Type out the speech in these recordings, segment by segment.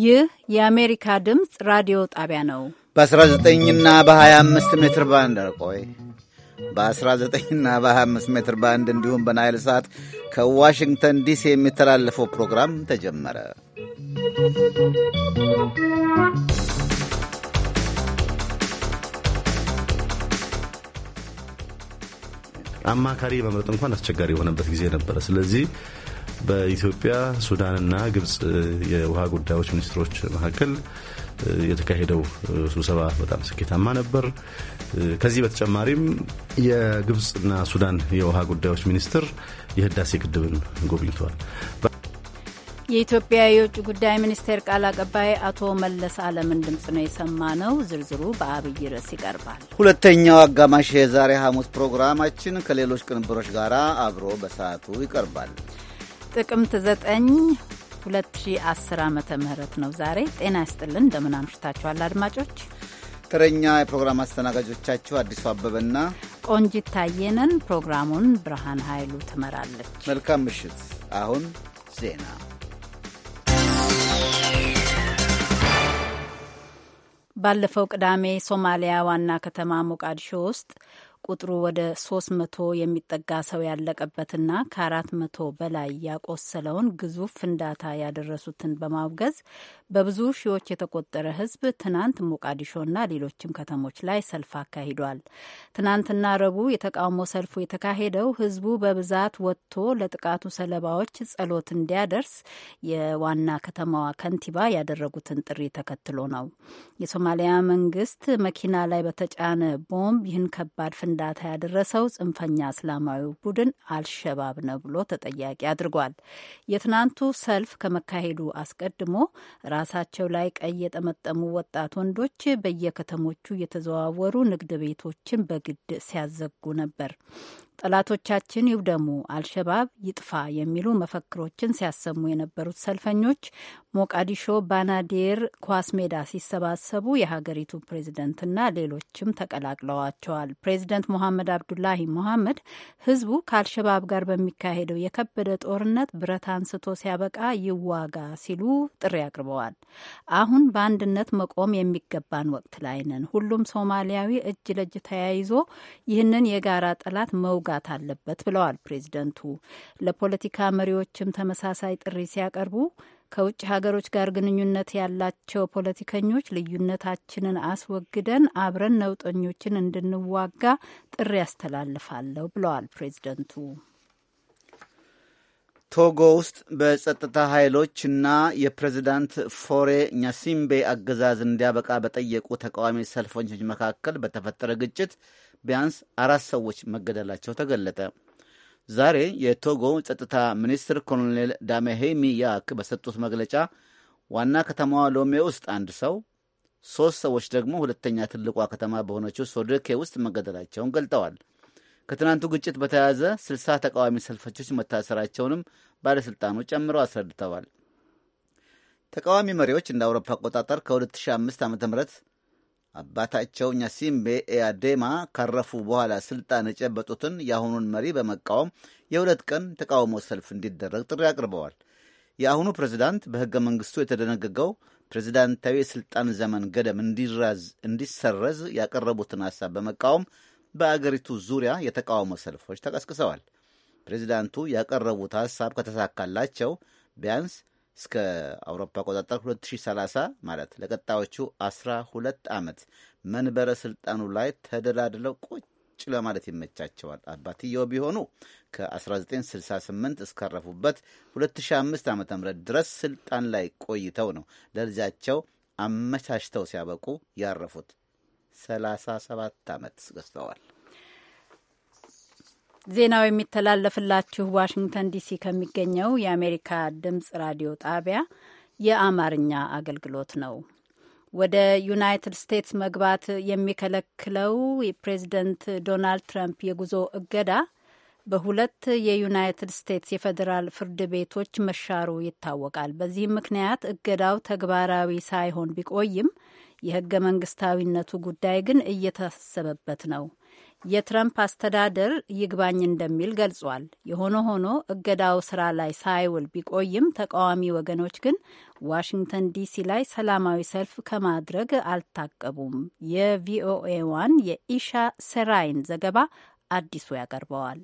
ይህ የአሜሪካ ድምፅ ራዲዮ ጣቢያ ነው። በ19ና በ25 ሜትር ባንድ ቆይ በ19ና በ25 ሜትር ባንድ እንዲሁም በናይል ሰዓት ከዋሽንግተን ዲሲ የሚተላለፈው ፕሮግራም ተጀመረ። አማካሪ መምረጥ እንኳን አስቸጋሪ የሆነበት ጊዜ ነበረ። ስለዚህ በኢትዮጵያ ሱዳንና ግብጽ የውሃ ጉዳዮች ሚኒስትሮች መካከል የተካሄደው ስብሰባ በጣም ስኬታማ ነበር። ከዚህ በተጨማሪም የግብጽና ሱዳን የውሃ ጉዳዮች ሚኒስትር የህዳሴ ግድብን ጎብኝተዋል። የኢትዮጵያ የውጭ ጉዳይ ሚኒስቴር ቃል አቀባይ አቶ መለስ አለምን ድምፅ ነው የሰማ ነው። ዝርዝሩ በአብይ ርዕስ ይቀርባል። ሁለተኛው አጋማሽ የዛሬ ሐሙስ ፕሮግራማችን ከሌሎች ቅንብሮች ጋር አብሮ በሰዓቱ ይቀርባል። ጥቅምት 9 2010 ዓ ም ነው ዛሬ። ጤና ይስጥልን እንደምን አምሽታችኋል አድማጮች። ተረኛ የፕሮግራም አስተናጋጆቻችሁ አዲሱ አበበና ቆንጂት ታየነን። ፕሮግራሙን ብርሃን ኃይሉ ትመራለች። መልካም ምሽት። አሁን ዜና ባለፈው ቅዳሜ ሶማሊያ ዋና ከተማ ሞቃዲሾ ውስጥ ቁጥሩ ወደ 300 የሚጠጋ ሰው ያለቀበትና ከ400 በላይ ያቆሰለውን ግዙፍ ፍንዳታ ያደረሱትን በማውገዝ በብዙ ሺዎች የተቆጠረ ህዝብ ትናንት ሞቃዲሾና ሌሎችም ከተሞች ላይ ሰልፍ አካሂዷል። ትናንትና ረቡዕ የተቃውሞ ሰልፉ የተካሄደው ህዝቡ በብዛት ወጥቶ ለጥቃቱ ሰለባዎች ጸሎት እንዲያደርስ የዋና ከተማዋ ከንቲባ ያደረጉትን ጥሪ ተከትሎ ነው። የሶማሊያ መንግስት መኪና ላይ በተጫነ ቦምብ ይህን ከባድ ፍንዳታ ያደረሰው ጽንፈኛ እስላማዊ ቡድን አልሸባብ ነው ብሎ ተጠያቂ አድርጓል። የትናንቱ ሰልፍ ከመካሄዱ አስቀድሞ ራሳቸው ላይ ቀይ የጠመጠሙ ወጣት ወንዶች በየከተሞቹ እየተዘዋወሩ ንግድ ቤቶችን በግድ ሲያዘጉ ነበር። ጠላቶቻችን ይውደሙ፣ አልሸባብ ይጥፋ የሚሉ መፈክሮችን ሲያሰሙ የነበሩት ሰልፈኞች ሞቃዲሾ ባናዴር ኳስ ሜዳ ሲሰባሰቡ የሀገሪቱ ፕሬዝደንትና ሌሎችም ተቀላቅለዋቸዋል። ፕሬዝደንት ሞሐመድ አብዱላሂ ሞሐመድ ህዝቡ ከአልሸባብ ጋር በሚካሄደው የከበደ ጦርነት ብረት አንስቶ ሲያበቃ ይዋጋ ሲሉ ጥሪ አቅርበዋል። አሁን በአንድነት መቆም የሚገባን ወቅት ላይ ነን። ሁሉም ሶማሊያዊ እጅ ለእጅ ተያይዞ ይህንን የጋራ ጠላት መው መውጋት አለበት ብለዋል ፕሬዚደንቱ። ለፖለቲካ መሪዎችም ተመሳሳይ ጥሪ ሲያቀርቡ ከውጭ ሀገሮች ጋር ግንኙነት ያላቸው ፖለቲከኞች ልዩነታችንን አስወግደን አብረን ነውጠኞችን እንድንዋጋ ጥሪ ያስተላልፋለሁ ብለዋል ፕሬዚደንቱ። ቶጎ ውስጥ በጸጥታ ኃይሎችና የፕሬዚዳንት ፎሬ ኛሲምቤ አገዛዝ እንዲያበቃ በጠየቁ ተቃዋሚ ሰልፈኞች መካከል በተፈጠረ ግጭት ቢያንስ አራት ሰዎች መገደላቸው ተገለጠ። ዛሬ የቶጎ ጸጥታ ሚኒስትር ኮሎኔል ዳሜሄሚ ያክ በሰጡት መግለጫ ዋና ከተማዋ ሎሜ ውስጥ አንድ ሰው፣ ሦስት ሰዎች ደግሞ ሁለተኛ ትልቋ ከተማ በሆነችው ሶዶኬ ውስጥ መገደላቸውን ገልጠዋል። ከትናንቱ ግጭት በተያያዘ ስልሳ ተቃዋሚ ሰልፈቾች መታሰራቸውንም ባለሥልጣኑ ጨምረው አስረድተዋል። ተቃዋሚ መሪዎች እንደ አውሮፓ አቆጣጠር ከ2005 ዓ ም አባታቸው ኛሲምቤ ኤያዴማ ካረፉ በኋላ ስልጣን የጨበጡትን የአሁኑን መሪ በመቃወም የሁለት ቀን ተቃውሞ ሰልፍ እንዲደረግ ጥሪ አቅርበዋል። የአሁኑ ፕሬዚዳንት በሕገ መንግሥቱ የተደነገገው ፕሬዚዳንታዊ የሥልጣን ዘመን እንዲራዝ እንዲሰረዝ ያቀረቡትን ሐሳብ በመቃወም በአገሪቱ ዙሪያ የተቃውሞ ሰልፎች ተቀስቅሰዋል። ፕሬዚዳንቱ ያቀረቡት ሐሳብ ከተሳካላቸው ቢያንስ እስከ አውሮፓ አቆጣጠር 2030 ማለት ለቀጣዮቹ 12 ዓመት መንበረ ስልጣኑ ላይ ተደላድለው ቁጭ ለማለት ይመቻቸዋል። አባትየው ቢሆኑ ከ1968 እስካረፉበት 2005 ዓ ም ድረስ ስልጣን ላይ ቆይተው ነው ለልጃቸው አመቻችተው ሲያበቁ ያረፉት። 37 ዓመት ገዝተዋል። ዜናው የሚተላለፍላችሁ ዋሽንግተን ዲሲ ከሚገኘው የአሜሪካ ድምጽ ራዲዮ ጣቢያ የአማርኛ አገልግሎት ነው። ወደ ዩናይትድ ስቴትስ መግባት የሚከለክለው የፕሬዚደንት ዶናልድ ትራምፕ የጉዞ እገዳ በሁለት የዩናይትድ ስቴትስ የፌዴራል ፍርድ ቤቶች መሻሩ ይታወቃል። በዚህም ምክንያት እገዳው ተግባራዊ ሳይሆን ቢቆይም የህገ መንግስታዊነቱ ጉዳይ ግን እየታሰበበት ነው። የትረምፕ አስተዳደር ይግባኝ እንደሚል ገልጿል። የሆነ ሆኖ እገዳው ስራ ላይ ሳይውል ቢቆይም ተቃዋሚ ወገኖች ግን ዋሽንግተን ዲሲ ላይ ሰላማዊ ሰልፍ ከማድረግ አልታቀቡም። የቪኦኤ ዋን የኢሻ ሰራይን ዘገባ አዲሱ ያቀርበዋል።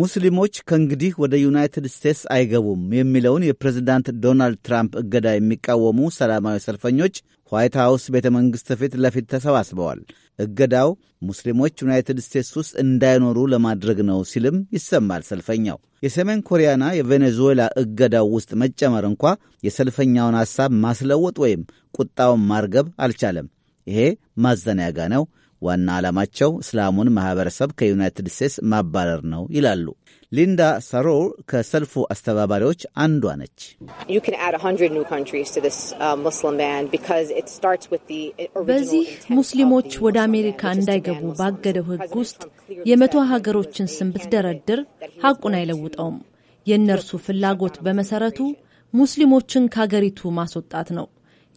ሙስሊሞች ከእንግዲህ ወደ ዩናይትድ ስቴትስ አይገቡም የሚለውን የፕሬዝዳንት ዶናልድ ትራምፕ እገዳ የሚቃወሙ ሰላማዊ ሰልፈኞች ዋይት ሀውስ ቤተ መንግሥት ፊት ለፊት ተሰባስበዋል። እገዳው ሙስሊሞች ዩናይትድ ስቴትስ ውስጥ እንዳይኖሩ ለማድረግ ነው ሲልም ይሰማል። ሰልፈኛው የሰሜን ኮሪያና የቬኔዙዌላ እገዳው ውስጥ መጨመር እንኳ የሰልፈኛውን ሐሳብ ማስለወጥ ወይም ቁጣውን ማርገብ አልቻለም። ይሄ ማዘናጋ ነው ዋና ዓላማቸው እስላሙን ማኅበረሰብ ከዩናይትድ ስቴትስ ማባረር ነው ይላሉ። ሊንዳ ሰሮ ከሰልፉ አስተባባሪዎች አንዷ ነች። uh, በዚህ ሙስሊሞች ወደ አሜሪካ እንዳይገቡ ባገደው ሕግ ውስጥ የመቶ ሀገሮችን ስም ብትደረድር ሐቁን አይለውጠውም። የእነርሱ ፍላጎት በመሰረቱ ሙስሊሞችን ከሀገሪቱ ማስወጣት ነው።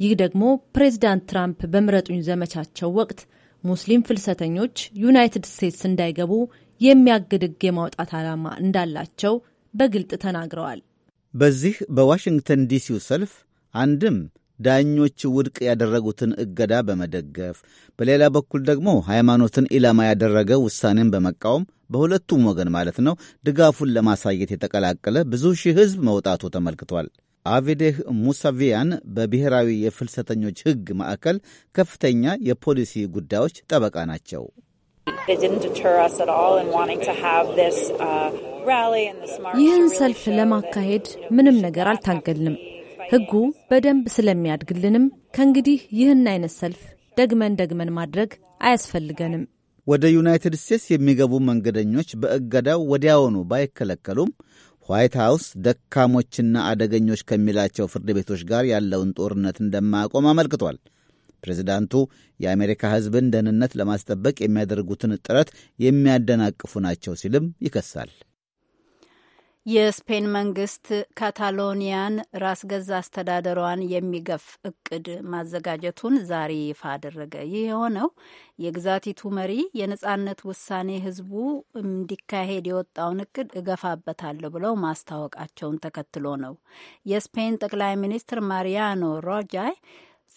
ይህ ደግሞ ፕሬዚዳንት ትራምፕ በምረጡኝ ዘመቻቸው ወቅት ሙስሊም ፍልሰተኞች ዩናይትድ ስቴትስ እንዳይገቡ የሚያግድ ሕግ የማውጣት ዓላማ እንዳላቸው በግልጥ ተናግረዋል። በዚህ በዋሽንግተን ዲሲው ሰልፍ አንድም ዳኞች ውድቅ ያደረጉትን እገዳ በመደገፍ በሌላ በኩል ደግሞ ሃይማኖትን ኢላማ ያደረገ ውሳኔን በመቃወም በሁለቱም ወገን ማለት ነው ድጋፉን ለማሳየት የተቀላቀለ ብዙ ሺህ ሕዝብ መውጣቱ ተመልክቷል። አቬዴህ ሙሳቪያን በብሔራዊ የፍልሰተኞች ሕግ ማዕከል ከፍተኛ የፖሊሲ ጉዳዮች ጠበቃ ናቸው። uh, ይህን ሰልፍ ለማካሄድ ምንም ነገር አልታገልንም። ሕጉ በደንብ ስለሚያድግልንም ከእንግዲህ ይህን አይነት ሰልፍ ደግመን ደግመን ማድረግ አያስፈልገንም። ወደ ዩናይትድ ስቴትስ የሚገቡ መንገደኞች በእገዳው ወዲያውኑ ባይከለከሉም ዋይት ሀውስ ደካሞችና አደገኞች ከሚላቸው ፍርድ ቤቶች ጋር ያለውን ጦርነት እንደማያቆም አመልክቷል። ፕሬዚዳንቱ የአሜሪካ ሕዝብን ደህንነት ለማስጠበቅ የሚያደርጉትን ጥረት የሚያደናቅፉ ናቸው ሲልም ይከሳል። የስፔን መንግስት ካታሎኒያን ራስ ገዛ አስተዳደሯን የሚገፍ እቅድ ማዘጋጀቱን ዛሬ ይፋ አደረገ። ይህ የሆነው የግዛቲቱ መሪ የነጻነት ውሳኔ ህዝቡ እንዲካሄድ የወጣውን እቅድ እገፋበታለሁ ብለው ማስታወቃቸውን ተከትሎ ነው። የስፔን ጠቅላይ ሚኒስትር ማሪያኖ ሮጃይ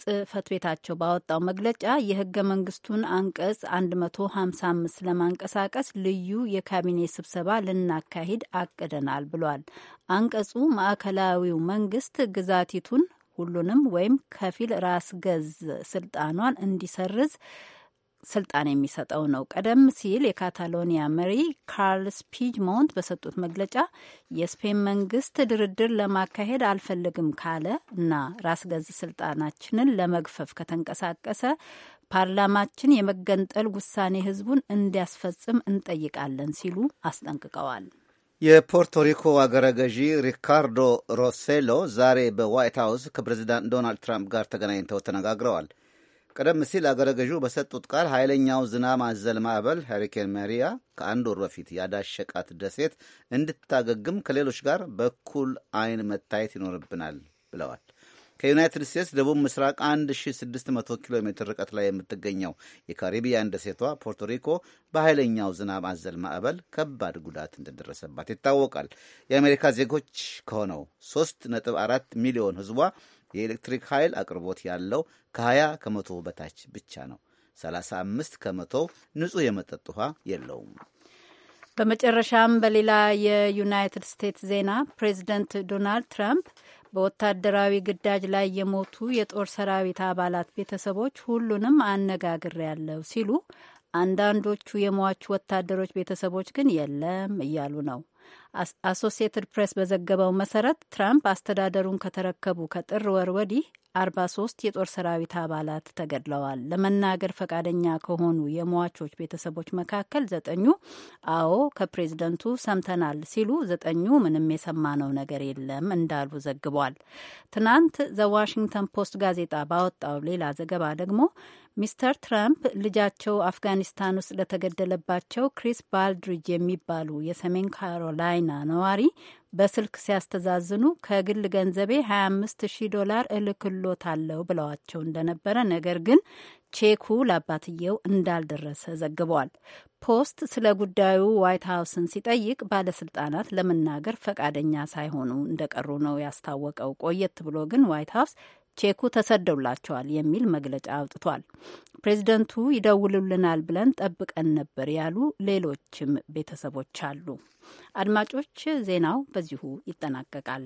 ጽህፈት ቤታቸው ባወጣው መግለጫ የህገ መንግስቱን አንቀጽ 155 ለማንቀሳቀስ ልዩ የካቢኔ ስብሰባ ልናካሂድ አቅደናል ብሏል። አንቀጹ ማዕከላዊው መንግስት ግዛቲቱን ሁሉንም ወይም ከፊል ራስ ገዝ ስልጣኗን እንዲሰርዝ ስልጣን የሚሰጠው ነው። ቀደም ሲል የካታሎኒያ መሪ ካርልስ ፒጅሞንት በሰጡት መግለጫ የስፔን መንግስት ድርድር ለማካሄድ አልፈልግም ካለ እና ራስ ገዝ ስልጣናችንን ለመግፈፍ ከተንቀሳቀሰ ፓርላማችን የመገንጠል ውሳኔ ህዝቡን እንዲያስፈጽም እንጠይቃለን ሲሉ አስጠንቅቀዋል። የፖርቶሪኮ አገረ ገዢ ሪካርዶ ሮሴሎ ዛሬ በዋይት ሀውስ ከፕሬዚዳንት ዶናልድ ትራምፕ ጋር ተገናኝተው ተነጋግረዋል። ቀደም ሲል አገረ ገዡ በሰጡት ቃል ኃይለኛው ዝናብ አዘል ማዕበል ሄሪኬን ማሪያ ከአንድ ወር በፊት ያዳሸቃት ደሴት እንድታገግም ከሌሎች ጋር በኩል አይን መታየት ይኖርብናል ብለዋል። ከዩናይትድ ስቴትስ ደቡብ ምስራቅ 1600 ኪሎ ሜትር ርቀት ላይ የምትገኘው የካሪቢያን ደሴቷ ፖርቶሪኮ በኃይለኛው ዝናብ አዘል ማዕበል ከባድ ጉዳት እንደደረሰባት ይታወቃል። የአሜሪካ ዜጎች ከሆነው 3.4 ሚሊዮን ህዝቧ ። የኤሌክትሪክ ኃይል አቅርቦት ያለው ከ20 ከመቶ በታች ብቻ ነው። 35 ከመቶ ንጹህ የመጠጥ ውሃ የለውም። በመጨረሻም በሌላ የዩናይትድ ስቴትስ ዜና ፕሬዚደንት ዶናልድ ትራምፕ በወታደራዊ ግዳጅ ላይ የሞቱ የጦር ሰራዊት አባላት ቤተሰቦች ሁሉንም አነጋግሬያለሁ ሲሉ አንዳንዶቹ የሟቹ ወታደሮች ቤተሰቦች ግን የለም እያሉ ነው። አሶሲየትድ ፕሬስ በዘገበው መሰረት ትራምፕ አስተዳደሩን ከተረከቡ ከጥር ወር ወዲህ 43 የጦር ሰራዊት አባላት ተገድለዋል። ለመናገር ፈቃደኛ ከሆኑ የሟቾች ቤተሰቦች መካከል ዘጠኙ አዎ ከፕሬዝደንቱ ሰምተናል ሲሉ፣ ዘጠኙ ምንም የሰማነው ነገር የለም እንዳሉ ዘግቧል። ትናንት ዘ ዋሽንግተን ፖስት ጋዜጣ ባወጣው ሌላ ዘገባ ደግሞ ሚስተር ትራምፕ ልጃቸው አፍጋኒስታን ውስጥ ለተገደለባቸው ክሪስ ባልድሪጅ የሚባሉ የሰሜን ካሮላይና ነዋሪ በስልክ ሲያስተዛዝኑ ከግል ገንዘቤ 25 ሺህ ዶላር እልክሎታለሁ ብለዋቸው እንደነበረ ነገር ግን ቼኩ ለአባትየው እንዳልደረሰ ዘግቧል። ፖስት ስለ ጉዳዩ ዋይት ሀውስን ሲጠይቅ ባለስልጣናት ለመናገር ፈቃደኛ ሳይሆኑ እንደቀሩ ነው ያስታወቀው። ቆየት ብሎ ግን ዋይት ሀውስ ቼኩ ተሰደውላቸዋል የሚል መግለጫ አውጥቷል። ፕሬዚደንቱ ይደውሉልናል ብለን ጠብቀን ነበር ያሉ ሌሎችም ቤተሰቦች አሉ። አድማጮች፣ ዜናው በዚሁ ይጠናቀቃል።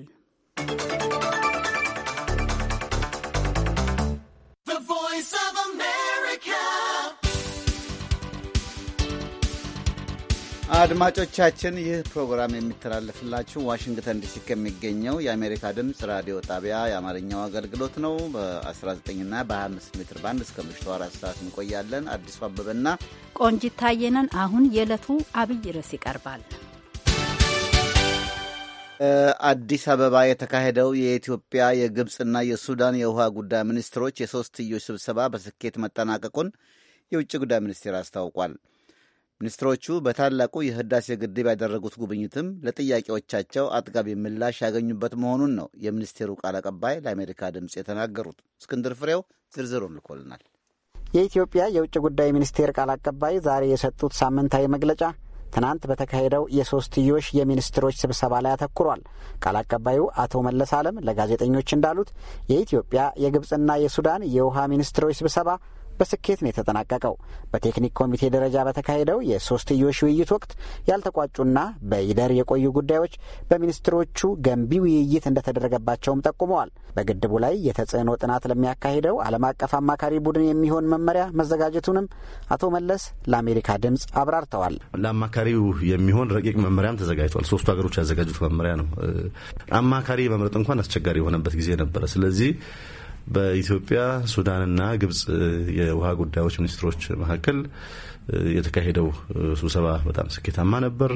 ቮይስ ኦፍ አሜሪካ አድማጮቻችን ይህ ፕሮግራም የሚተላለፍላችሁ ዋሽንግተን ዲሲ ከሚገኘው የአሜሪካ ድምፅ ራዲዮ ጣቢያ የአማርኛው አገልግሎት ነው። በ19ና በ25 ሜትር ባንድ እስከ ምሽቱ አራት ሰዓት እንቆያለን። አዲሱ አበበና ቆንጂት ታየነን። አሁን የዕለቱ አብይ ርዕስ ይቀርባል። አዲስ አበባ የተካሄደው የኢትዮጵያ የግብፅና የሱዳን የውሃ ጉዳይ ሚኒስትሮች የሦስትዮሽ ስብሰባ በስኬት መጠናቀቁን የውጭ ጉዳይ ሚኒስቴር አስታውቋል። ሚኒስትሮቹ በታላቁ የህዳሴ ግድብ ያደረጉት ጉብኝትም ለጥያቄዎቻቸው አጥጋቢ ምላሽ ያገኙበት መሆኑን ነው የሚኒስቴሩ ቃል አቀባይ ለአሜሪካ ድምፅ የተናገሩት። እስክንድር ፍሬው ዝርዝሩን ልኮልናል። የኢትዮጵያ የውጭ ጉዳይ ሚኒስቴር ቃል አቀባይ ዛሬ የሰጡት ሳምንታዊ መግለጫ ትናንት በተካሄደው የሶስትዮሽ የሚኒስትሮች ስብሰባ ላይ አተኩሯል። ቃል አቀባዩ አቶ መለስ አለም ለጋዜጠኞች እንዳሉት የኢትዮጵያ የግብፅና የሱዳን የውሃ ሚኒስትሮች ስብሰባ በስኬት ነው የተጠናቀቀው። በቴክኒክ ኮሚቴ ደረጃ በተካሄደው የሶስትዮሽ ውይይት ወቅት ያልተቋጩና በይደር የቆዩ ጉዳዮች በሚኒስትሮቹ ገንቢ ውይይት እንደተደረገባቸውም ጠቁመዋል። በግድቡ ላይ የተጽዕኖ ጥናት ለሚያካሂደው ዓለም አቀፍ አማካሪ ቡድን የሚሆን መመሪያ መዘጋጀቱንም አቶ መለስ ለአሜሪካ ድምፅ አብራርተዋል። ለአማካሪው የሚሆን ረቂቅ መመሪያም ተዘጋጅቷል። ሶስቱ ሀገሮች ያዘጋጁት መመሪያ ነው። አማካሪ መምረጥ እንኳን አስቸጋሪ የሆነበት ጊዜ ነበረ። ስለዚህ በኢትዮጵያ ሱዳንና ግብጽ የውሃ ጉዳዮች ሚኒስትሮች መካከል የተካሄደው ስብሰባ በጣም ስኬታማ ነበር።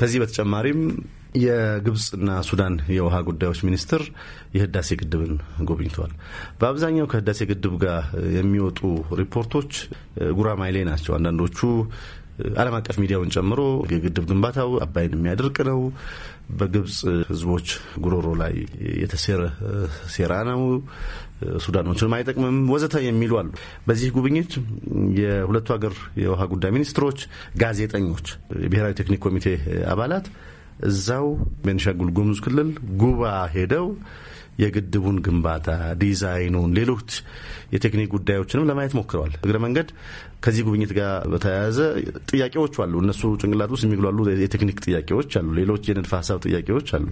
ከዚህ በተጨማሪም የግብጽና ሱዳን የውሃ ጉዳዮች ሚኒስትር የህዳሴ ግድብን ጎብኝተዋል። በአብዛኛው ከህዳሴ ግድብ ጋር የሚወጡ ሪፖርቶች ጉራማይሌ ናቸው። አንዳንዶቹ ዓለም አቀፍ ሚዲያውን ጨምሮ የግድብ ግንባታው አባይን የሚያደርቅ ነው በግብፅ ህዝቦች ጉሮሮ ላይ የተሴረ ሴራ ነው፣ ሱዳኖችንም አይጠቅምም ወዘተ የሚሉ አሉ። በዚህ ጉብኝት የሁለቱ ሀገር የውሃ ጉዳይ ሚኒስትሮች፣ ጋዜጠኞች፣ የብሔራዊ ቴክኒክ ኮሚቴ አባላት እዛው ቤንሻንጉል ጉሙዝ ክልል ጉባ ሄደው የግድቡን ግንባታ ዲዛይኑን፣ ሌሎች የቴክኒክ ጉዳዮችንም ለማየት ሞክረዋል። እግረ መንገድ ከዚህ ጉብኝት ጋር በተያያዘ ጥያቄዎች አሉ። እነሱ ጭንቅላት ውስጥ የሚግሏሉ የቴክኒክ ጥያቄዎች አሉ። ሌሎች የንድፈ ሀሳብ ጥያቄዎች አሉ።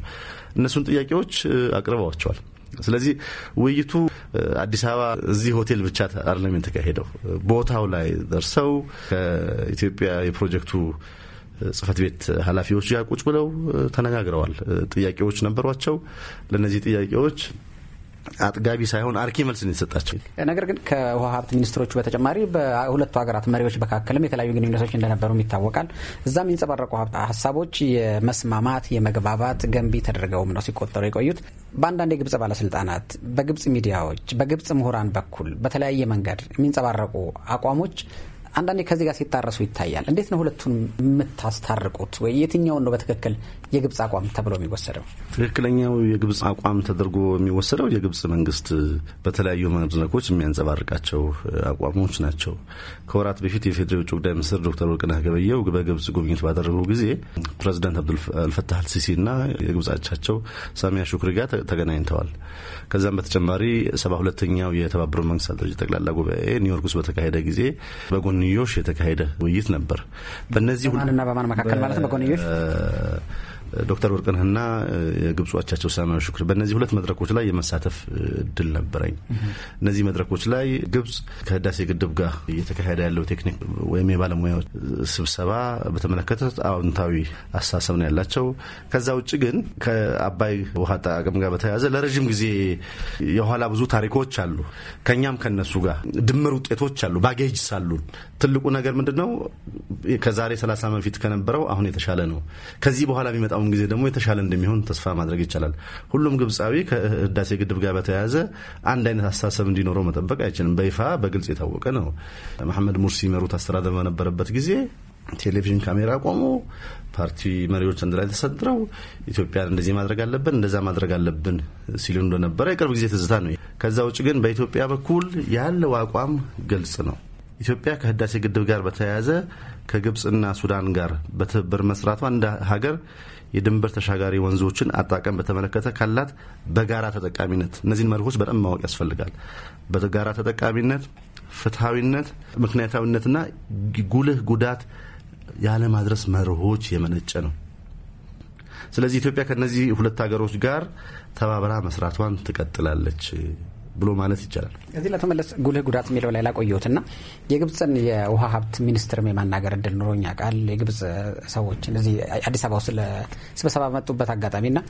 እነሱን ጥያቄዎች አቅርበዋቸዋል። ስለዚህ ውይይቱ አዲስ አበባ እዚህ ሆቴል ብቻ አይደለም የተካሄደው። ቦታው ላይ ደርሰው ከኢትዮጵያ የፕሮጀክቱ ጽህፈት ቤት ኃላፊዎች ጋር ቁጭ ብለው ተነጋግረዋል። ጥያቄዎች ነበሯቸው። ለእነዚህ ጥያቄዎች አጥጋቢ ሳይሆን አርኪ መልስ ነው የተሰጣቸው። ነገር ግን ከውሃ ሀብት ሚኒስትሮቹ በተጨማሪ በሁለቱ ሀገራት መሪዎች መካከልም የተለያዩ ግንኙነቶች እንደነበሩም ይታወቃል። እዛም የሚንጸባረቁ ሀሳቦች የመስማማት የመግባባት ገንቢ ተደርገውም ነው ሲቆጠሩ የቆዩት። በአንዳንድ የግብጽ ባለስልጣናት፣ በግብጽ ሚዲያዎች፣ በግብጽ ምሁራን በኩል በተለያየ መንገድ የሚንጸባረቁ አቋሞች አንዳንዴ ከዚህ ጋር ሲታረሱ ይታያል። እንዴት ነው ሁለቱን የምታስታርቁት? ወይ የትኛውን ነው በትክክል የግብፅ አቋም ተብሎ የሚወሰደው? ትክክለኛው የግብፅ አቋም ተደርጎ የሚወሰደው የግብፅ መንግስት በተለያዩ መድረኮች የሚያንጸባርቃቸው አቋሞች ናቸው። ከወራት በፊት የፌዴራል ውጭ ጉዳይ ሚኒስትር ዶክተር ወርቅነህ ገበየው በግብጽ ጉብኝት ባደረጉ ጊዜ ፕሬዚዳንት አብዱልፈታህ አልሲሲ እና የግብፅ አቻቸው ሳሚያ ሹክሪ ጋር ተገናኝተዋል። ከዚያም በተጨማሪ ሰባ ሁለተኛው የተባበሩት መንግስታት ድርጅት ጠቅላላ ጉባኤ ኒውዮርክ ውስጥ በተካሄደ ጊዜ በጎንዮሽ የተካሄደ ውይይት ነበር። በእነዚህ በማንና በማን መካከል ማለት በጎንዮሽ ዶክተር ወርቅነህና የግብጽ አቻቸው ሳማያ በእነዚህ ሁለት መድረኮች ላይ የመሳተፍ እድል ነበረኝ። እነዚህ መድረኮች ላይ ግብጽ ከህዳሴ ግድብ ጋር እየተካሄደ ያለው ቴክኒክ ወይም የባለሙያዎች ስብሰባ በተመለከተ አዎንታዊ አስተሳሰብ ነው ያላቸው። ከዛ ውጭ ግን ከአባይ ውሃ አጠቃቀም ጋር በተያያዘ ለረዥም ጊዜ የኋላ ብዙ ታሪኮች አሉ። ከኛም ከነሱ ጋር ድምር ውጤቶች አሉ፣ ባጌጅ ሳሉን ትልቁ ነገር ምንድን ነው? ከዛሬ 30 ዓመት በፊት ከነበረው አሁን የተሻለ ነው። ከዚህ በኋላ የሚመጣውን ጊዜ ደግሞ የተሻለ እንደሚሆን ተስፋ ማድረግ ይቻላል። ሁሉም ግብፃዊ ከህዳሴ ግድብ ጋር በተያያዘ አንድ አይነት አስተሳሰብ እንዲኖረው መጠበቅ አይችልም። በይፋ በግልጽ የታወቀ ነው። መሐመድ ሙርሲ መሩት አስተዳደር በነበረበት ጊዜ ቴሌቪዥን ካሜራ ቆሞ ፓርቲ መሪዎች አንድ ላይ ተሰድረው ኢትዮጵያን እንደዚህ ማድረግ አለብን እንደዛ ማድረግ አለብን ሲሉ እንደነበረ የቅርብ ጊዜ ትዝታ ነው። ከዛ ውጭ ግን በኢትዮጵያ በኩል ያለው አቋም ግልጽ ነው። ኢትዮጵያ ከህዳሴ ግድብ ጋር በተያያዘ ከግብፅና ሱዳን ጋር በትብብር መስራቷ እንደ ሀገር የድንበር ተሻጋሪ ወንዞችን አጠቃቀም በተመለከተ ካላት በጋራ ተጠቃሚነት እነዚህን መርሆች በጣም ማወቅ ያስፈልጋል። በጋራ ተጠቃሚነት፣ ፍትሐዊነት፣ ምክንያታዊነትና ጉልህ ጉዳት ያለማድረስ መርሆች የመነጨ ነው። ስለዚህ ኢትዮጵያ ከነዚህ ሁለት ሀገሮች ጋር ተባብራ መስራቷን ትቀጥላለች። ብሎ ማለት ይቻላል። እዚህ ለተመለስ ጉልህ ጉዳት የሚለው ላይ ላቆየሁት እና የግብፅን የውሃ ሀብት ሚኒስትርም የማናገር እድል ኑሮኛ ቃል የግብፅ ሰዎች እዚህ አዲስ አበባ ውስጥ ለስብሰባ በመጡበት አጋጣሚ እና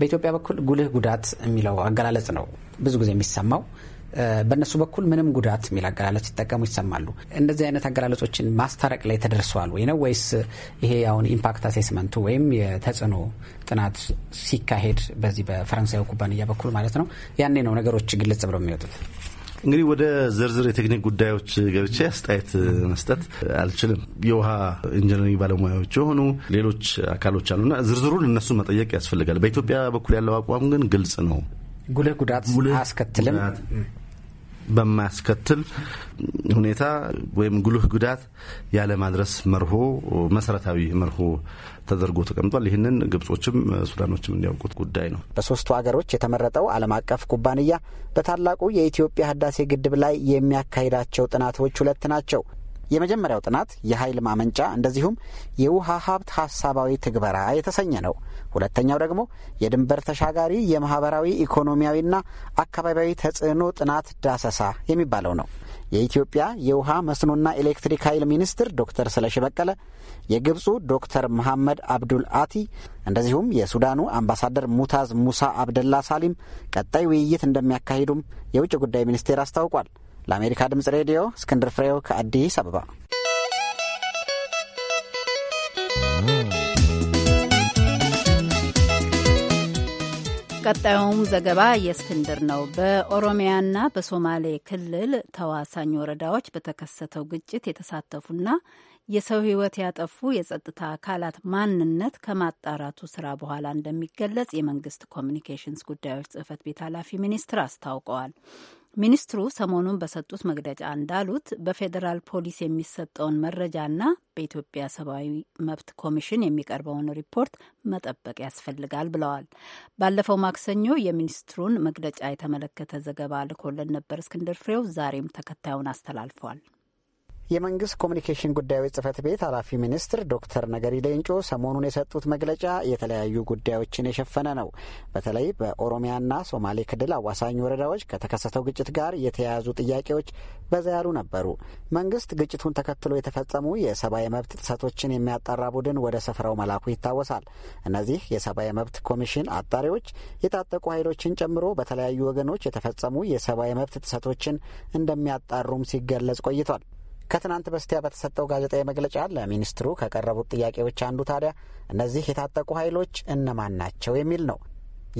በኢትዮጵያ በኩል ጉልህ ጉዳት የሚለው አገላለጽ ነው ብዙ ጊዜ የሚሰማው በእነሱ በኩል ምንም ጉዳት የሚል አገላለጽ ሲጠቀሙ ይሰማሉ። እንደዚህ አይነት አገላለጾችን ማስታረቅ ላይ ተደርሰዋል ወይ ነው ወይስ ይሄ አሁን ኢምፓክት አሴስመንቱ ወይም የተጽዕኖ ጥናት ሲካሄድ በዚህ በፈረንሳዊ ኩባንያ በኩል ማለት ነው ያኔ ነው ነገሮች ግልጽ ብለው የሚወጡት? እንግዲህ ወደ ዝርዝር የቴክኒክ ጉዳዮች ገብቼ አስተያየት መስጠት አልችልም። የውሃ ኢንጂነሪንግ ባለሙያዎች የሆኑ ሌሎች አካሎች አሉና ዝርዝሩን እነሱን መጠየቅ ያስፈልጋል። በኢትዮጵያ በኩል ያለው አቋም ግን ግልጽ ነው። ጉልህ ጉዳት አያስከትልም። በማያስከትል ሁኔታ ወይም ጉልህ ጉዳት ማድረስ መርሆ መሰረታዊ መርሆ ተደርጎ ተቀምጧል። ይህንን ግብጾችም ሱዳኖችም እንዲያውቁት ጉዳይ ነው። በሶስቱ ሀገሮች የተመረጠው ዓለም አቀፍ ኩባንያ በታላቁ የኢትዮጵያ ህዳሴ ግድብ ላይ የሚያካሂዳቸው ጥናቶች ሁለት ናቸው። የመጀመሪያው ጥናት የኃይል ማመንጫ እንደዚሁም የውሃ ሀብት ሀሳባዊ ትግበራ የተሰኘ ነው። ሁለተኛው ደግሞ የድንበር ተሻጋሪ የማህበራዊ ኢኮኖሚያዊና አካባቢያዊ ተጽዕኖ ጥናት ዳሰሳ የሚባለው ነው። የኢትዮጵያ የውሃ መስኖና ኤሌክትሪክ ኃይል ሚኒስትር ዶክተር ስለሺ በቀለ፣ የግብፁ ዶክተር መሐመድ አብዱል አቲ እንደዚሁም የሱዳኑ አምባሳደር ሙታዝ ሙሳ አብደላ ሳሊም ቀጣይ ውይይት እንደሚያካሂዱም የውጭ ጉዳይ ሚኒስቴር አስታውቋል። ለአሜሪካ ድምፅ ሬዲዮ እስክንድር ፍሬው ከአዲስ አበባ። ቀጣዩም ዘገባ የእስክንድር ነው። በኦሮሚያና በሶማሌ ክልል ተዋሳኝ ወረዳዎች በተከሰተው ግጭት የተሳተፉና የሰው ሕይወት ያጠፉ የጸጥታ አካላት ማንነት ከማጣራቱ ስራ በኋላ እንደሚገለጽ የመንግስት ኮሚኒኬሽንስ ጉዳዮች ጽህፈት ቤት ኃላፊ ሚኒስትር አስታውቀዋል። ሚኒስትሩ ሰሞኑን በሰጡት መግለጫ እንዳሉት በፌዴራል ፖሊስ የሚሰጠውን መረጃና በኢትዮጵያ ሰብአዊ መብት ኮሚሽን የሚቀርበውን ሪፖርት መጠበቅ ያስፈልጋል ብለዋል። ባለፈው ማክሰኞ የሚኒስትሩን መግለጫ የተመለከተ ዘገባ ልኮልን ነበር። እስክንድር ፍሬው ዛሬም ተከታዩን አስተላልፏል። የመንግስት ኮሚኒኬሽን ጉዳዮች ጽህፈት ቤት ኃላፊ ሚኒስትር ዶክተር ነገሪ ሌንጮ ሰሞኑን የሰጡት መግለጫ የተለያዩ ጉዳዮችን የሸፈነ ነው። በተለይ በኦሮሚያና ሶማሌ ክልል አዋሳኝ ወረዳዎች ከተከሰተው ግጭት ጋር የተያያዙ ጥያቄዎች በዛ ያሉ ነበሩ። መንግስት ግጭቱን ተከትሎ የተፈጸሙ የሰብአዊ መብት ጥሰቶችን የሚያጣራ ቡድን ወደ ስፍራው መላኩ ይታወሳል። እነዚህ የሰብአዊ መብት ኮሚሽን አጣሪዎች የታጠቁ ኃይሎችን ጨምሮ በተለያዩ ወገኖች የተፈጸሙ የሰብአዊ መብት ጥሰቶችን እንደሚያጣሩም ሲገለጽ ቆይቷል። ከትናንት በስቲያ በተሰጠው ጋዜጣዊ መግለጫ ለሚኒስትሩ ከቀረቡት ጥያቄዎች አንዱ ታዲያ እነዚህ የታጠቁ ኃይሎች እነማን ናቸው የሚል ነው።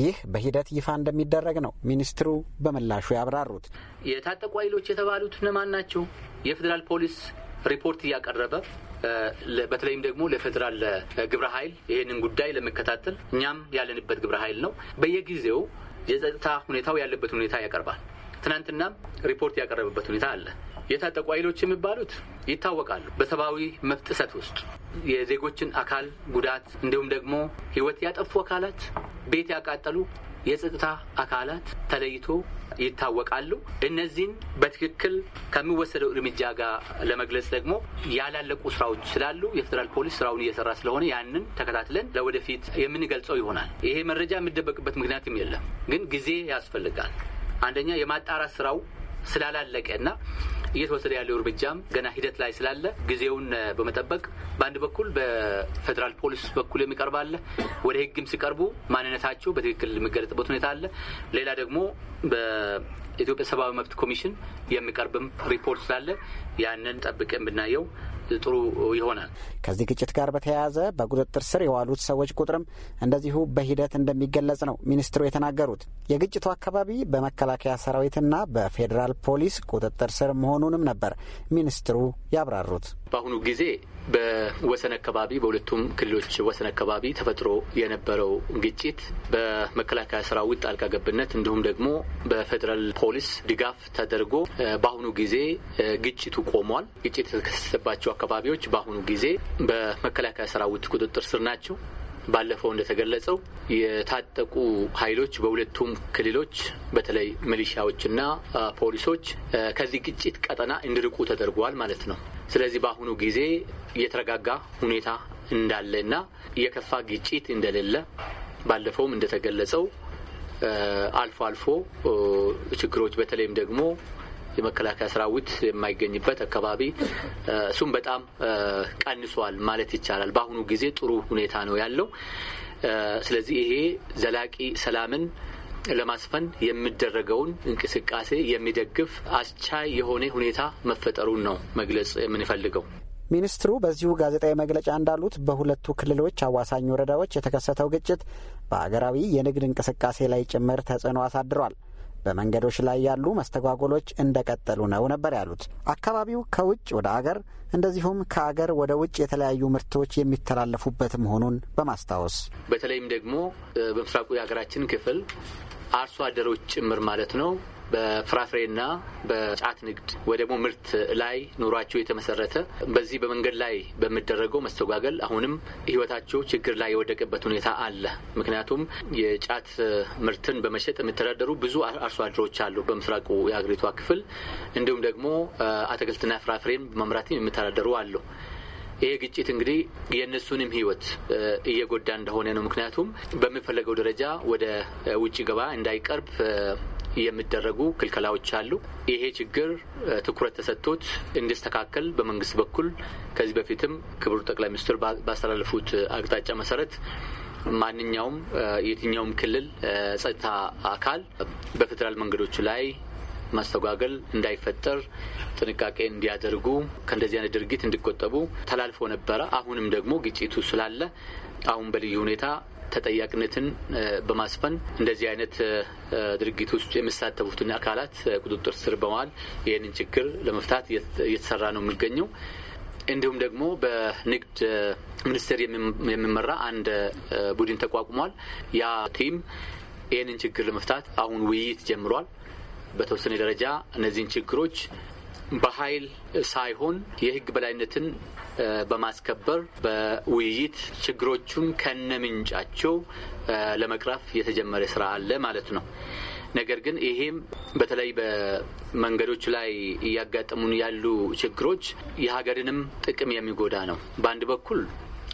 ይህ በሂደት ይፋ እንደሚደረግ ነው ሚኒስትሩ በምላሹ ያብራሩት። የታጠቁ ኃይሎች የተባሉት እነማን ናቸው? የፌዴራል ፖሊስ ሪፖርት እያቀረበ በተለይም ደግሞ ለፌዴራል ግብረ ኃይል ይህንን ጉዳይ ለመከታተል እኛም ያለንበት ግብረ ኃይል ነው። በየጊዜው የጸጥታ ሁኔታው ያለበት ሁኔታ ያቀርባል። ትናንትናም ሪፖርት ያቀረበበት ሁኔታ አለ። የታጠቁ ኃይሎች የሚባሉት ይታወቃሉ። በሰብአዊ መብት ጥሰት ውስጥ የዜጎችን አካል ጉዳት እንዲሁም ደግሞ ሕይወት ያጠፉ አካላት፣ ቤት ያቃጠሉ የጸጥታ አካላት ተለይቶ ይታወቃሉ። እነዚህን በትክክል ከሚወሰደው እርምጃ ጋር ለመግለጽ ደግሞ ያላለቁ ስራዎች ስላሉ የፌዴራል ፖሊስ ስራውን እየሰራ ስለሆነ ያንን ተከታትለን ለወደፊት የምንገልጸው ይሆናል። ይሄ መረጃ የሚደበቅበት ምክንያትም የለም፣ ግን ጊዜ ያስፈልጋል። አንደኛ የማጣራት ስራው ስላላለቀ እና እየተወሰደ ያለው እርምጃም ገና ሂደት ላይ ስላለ ጊዜውን በመጠበቅ በአንድ በኩል በፌዴራል ፖሊስ በኩል የሚቀርብ አለ። ወደ ህግም ሲቀርቡ ማንነታቸው በትክክል የሚገለጥበት ሁኔታ አለ። ሌላ ደግሞ በኢትዮጵያ ሰብአዊ መብት ኮሚሽን የሚቀርብም ሪፖርት ስላለ ያንን ጠብቀን ብናየው ጥሩ ይሆናል። ከዚህ ግጭት ጋር በተያያዘ በቁጥጥር ስር የዋሉት ሰዎች ቁጥርም እንደዚሁ በሂደት እንደሚገለጽ ነው ሚኒስትሩ የተናገሩት። የግጭቱ አካባቢ በመከላከያ ሰራዊትና በፌዴራል ፖሊስ ቁጥጥር ስር መሆኑንም ነበር ሚኒስትሩ ያብራሩት። በአሁኑ ጊዜ በወሰን አካባቢ በሁለቱም ክልሎች ወሰን አካባቢ ተፈጥሮ የነበረው ግጭት በመከላከያ ሰራዊት ጣልቃ ገብነት እንዲሁም ደግሞ በፌዴራል ፖሊስ ድጋፍ ተደርጎ በአሁኑ ጊዜ ግጭቱ ቆሟል። ግጭት የተከሰተባቸው አካባቢዎች በአሁኑ ጊዜ በመከላከያ ሰራዊት ቁጥጥር ስር ናቸው። ባለፈው እንደተገለጸው የታጠቁ ኃይሎች በሁለቱም ክልሎች በተለይ ሚሊሻዎችና ፖሊሶች ከዚህ ግጭት ቀጠና እንዲርቁ ተደርጓል ማለት ነው። ስለዚህ በአሁኑ ጊዜ የተረጋጋ ሁኔታ እንዳለና የከፋ ግጭት እንደሌለ ባለፈውም እንደተገለጸው አልፎ አልፎ ችግሮች በተለይም ደግሞ የመከላከያ ሰራዊት የማይገኝበት አካባቢ እሱም በጣም ቀንሷል ማለት ይቻላል። በአሁኑ ጊዜ ጥሩ ሁኔታ ነው ያለው። ስለዚህ ይሄ ዘላቂ ሰላምን ለማስፈን የሚደረገውን እንቅስቃሴ የሚደግፍ አስቻይ የሆነ ሁኔታ መፈጠሩን ነው መግለጽ የምንፈልገው። ሚኒስትሩ በዚሁ ጋዜጣዊ መግለጫ እንዳሉት በሁለቱ ክልሎች አዋሳኝ ወረዳዎች የተከሰተው ግጭት በሀገራዊ የንግድ እንቅስቃሴ ላይ ጭምር ተጽዕኖ አሳድሯል። በመንገዶች ላይ ያሉ መስተጓጎሎች እንደቀጠሉ ነው ነበር ያሉት። አካባቢው ከውጭ ወደ አገር እንደዚሁም ከአገር ወደ ውጭ የተለያዩ ምርቶች የሚተላለፉበት መሆኑን በማስታወስ በተለይም ደግሞ በምስራቁ የሀገራችን ክፍል አርሶ አደሮች ጭምር ማለት ነው በፍራፍሬና በጫት ንግድ ወይ ደግሞ ምርት ላይ ኑሯቸው የተመሰረተ በዚህ በመንገድ ላይ በሚደረገው መስተጓገል አሁንም ህይወታቸው ችግር ላይ የወደቀበት ሁኔታ አለ። ምክንያቱም የጫት ምርትን በመሸጥ የሚተዳደሩ ብዙ አርሶ አደሮች አሉ በምስራቁ የአገሪቷ ክፍል። እንዲሁም ደግሞ አትክልትና ፍራፍሬን በመምራትም የሚተዳደሩ አሉ። ይሄ ግጭት እንግዲህ የእነሱንም ህይወት እየጎዳ እንደሆነ ነው። ምክንያቱም በሚፈለገው ደረጃ ወደ ውጭ ገባ እንዳይቀርብ የሚደረጉ ክልከላዎች አሉ። ይሄ ችግር ትኩረት ተሰጥቶት እንዲስተካከል በመንግስት በኩል ከዚህ በፊትም ክቡር ጠቅላይ ሚኒስትር ባስተላለፉት አቅጣጫ መሰረት ማንኛውም የትኛውም ክልል ጸጥታ አካል በፌዴራል መንገዶች ላይ መስተጓገል እንዳይፈጠር ጥንቃቄ እንዲያደርጉ፣ ከእንደዚህ አይነት ድርጊት እንዲቆጠቡ ተላልፎ ነበረ። አሁንም ደግሞ ግጭቱ ስላለ አሁን በልዩ ሁኔታ ተጠያቂነትን በማስፈን እንደዚህ አይነት ድርጊት ውስጥ የሚሳተፉትን አካላት ቁጥጥር ስር በመዋል ይህንን ችግር ለመፍታት እየተሰራ ነው የሚገኘው። እንዲሁም ደግሞ በንግድ ሚኒስቴር የሚመራ አንድ ቡድን ተቋቁሟል። ያ ቲም ይህንን ችግር ለመፍታት አሁን ውይይት ጀምሯል። በተወሰነ ደረጃ እነዚህን ችግሮች በኃይል ሳይሆን የሕግ በላይነትን በማስከበር በውይይት ችግሮቹን ከነምንጫቸው ለመቅረፍ የተጀመረ ስራ አለ ማለት ነው። ነገር ግን ይሄም በተለይ በመንገዶች ላይ እያጋጠሙን ያሉ ችግሮች የሀገርንም ጥቅም የሚጎዳ ነው። በአንድ በኩል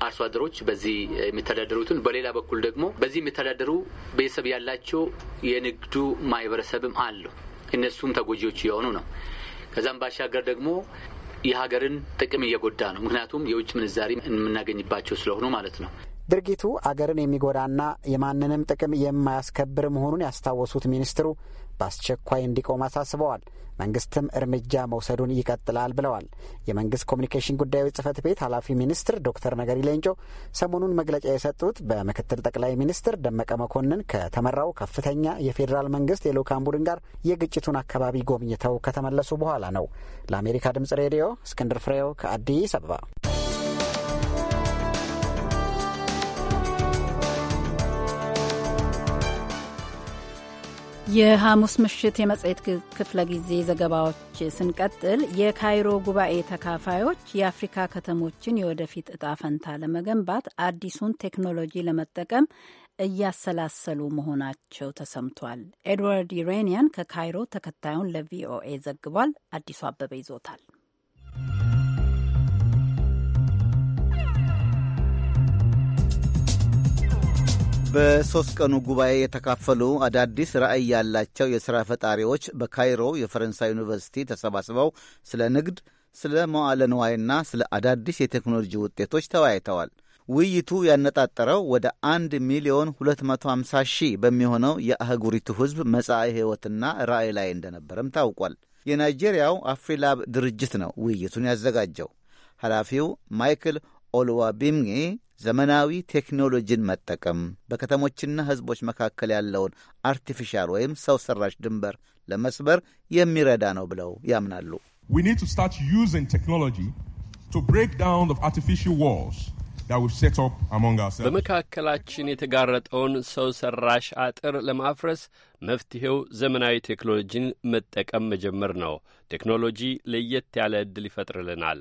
አርሶ አደሮች በዚህ የሚተዳደሩትን፣ በሌላ በኩል ደግሞ በዚህ የሚተዳደሩ ቤተሰብ ያላቸው የንግዱ ማህበረሰብም አለው። እነሱም ተጎጂዎች እየሆኑ ነው። ከዛም ባሻገር ደግሞ የሀገርን ጥቅም እየጎዳ ነው። ምክንያቱም የውጭ ምንዛሪ የምናገኝባቸው ስለሆኑ ማለት ነው። ድርጊቱ አገርን የሚጎዳና የማንንም ጥቅም የማያስከብር መሆኑን ያስታወሱት ሚኒስትሩ በአስቸኳይ እንዲቆም አሳስበዋል። መንግስትም እርምጃ መውሰዱን ይቀጥላል ብለዋል። የመንግስት ኮሚኒኬሽን ጉዳዮች ጽህፈት ቤት ኃላፊ ሚኒስትር ዶክተር ነገሪ ሌንጮ ሰሞኑን መግለጫ የሰጡት በምክትል ጠቅላይ ሚኒስትር ደመቀ መኮንን ከተመራው ከፍተኛ የፌዴራል መንግስት የልዑካን ቡድን ጋር የግጭቱን አካባቢ ጎብኝተው ከተመለሱ በኋላ ነው። ለአሜሪካ ድምጽ ሬዲዮ እስክንድር ፍሬው ከአዲስ አበባ የሐሙስ ምሽት የመጽሔት ክፍለ ጊዜ ዘገባዎች ስንቀጥል የካይሮ ጉባኤ ተካፋዮች የአፍሪካ ከተሞችን የወደፊት እጣ ፈንታ ለመገንባት አዲሱን ቴክኖሎጂ ለመጠቀም እያሰላሰሉ መሆናቸው ተሰምቷል። ኤድዋርድ ዩሬኒያን ከካይሮ ተከታዩን ለቪኦኤ ዘግቧል። አዲሱ አበበ ይዞታል። በሦስት ቀኑ ጉባኤ የተካፈሉ አዳዲስ ራዕይ ያላቸው የሥራ ፈጣሪዎች በካይሮ የፈረንሳይ ዩኒቨርሲቲ ተሰባስበው ስለ ንግድ፣ ስለ መዋለ ንዋይና ስለ አዳዲስ የቴክኖሎጂ ውጤቶች ተወያይተዋል። ውይይቱ ያነጣጠረው ወደ አንድ ሚሊዮን 250 ሺህ በሚሆነው የአህጉሪቱ ሕዝብ መጻኢ ሕይወትና ራዕይ ላይ እንደነበረም ታውቋል። የናይጄሪያው አፍሪላብ ድርጅት ነው ውይይቱን ያዘጋጀው። ኃላፊው ማይክል ቢምጌ ዘመናዊ ቴክኖሎጂን መጠቀም በከተሞችና ሕዝቦች መካከል ያለውን አርቲፊሻል ወይም ሰው ሰራሽ ድንበር ለመስበር የሚረዳ ነው ብለው ያምናሉ። በመካከላችን የተጋረጠውን ሰው ሰራሽ አጥር ለማፍረስ መፍትሄው ዘመናዊ ቴክኖሎጂን መጠቀም መጀመር ነው። ቴክኖሎጂ ለየት ያለ ዕድል ይፈጥርልናል።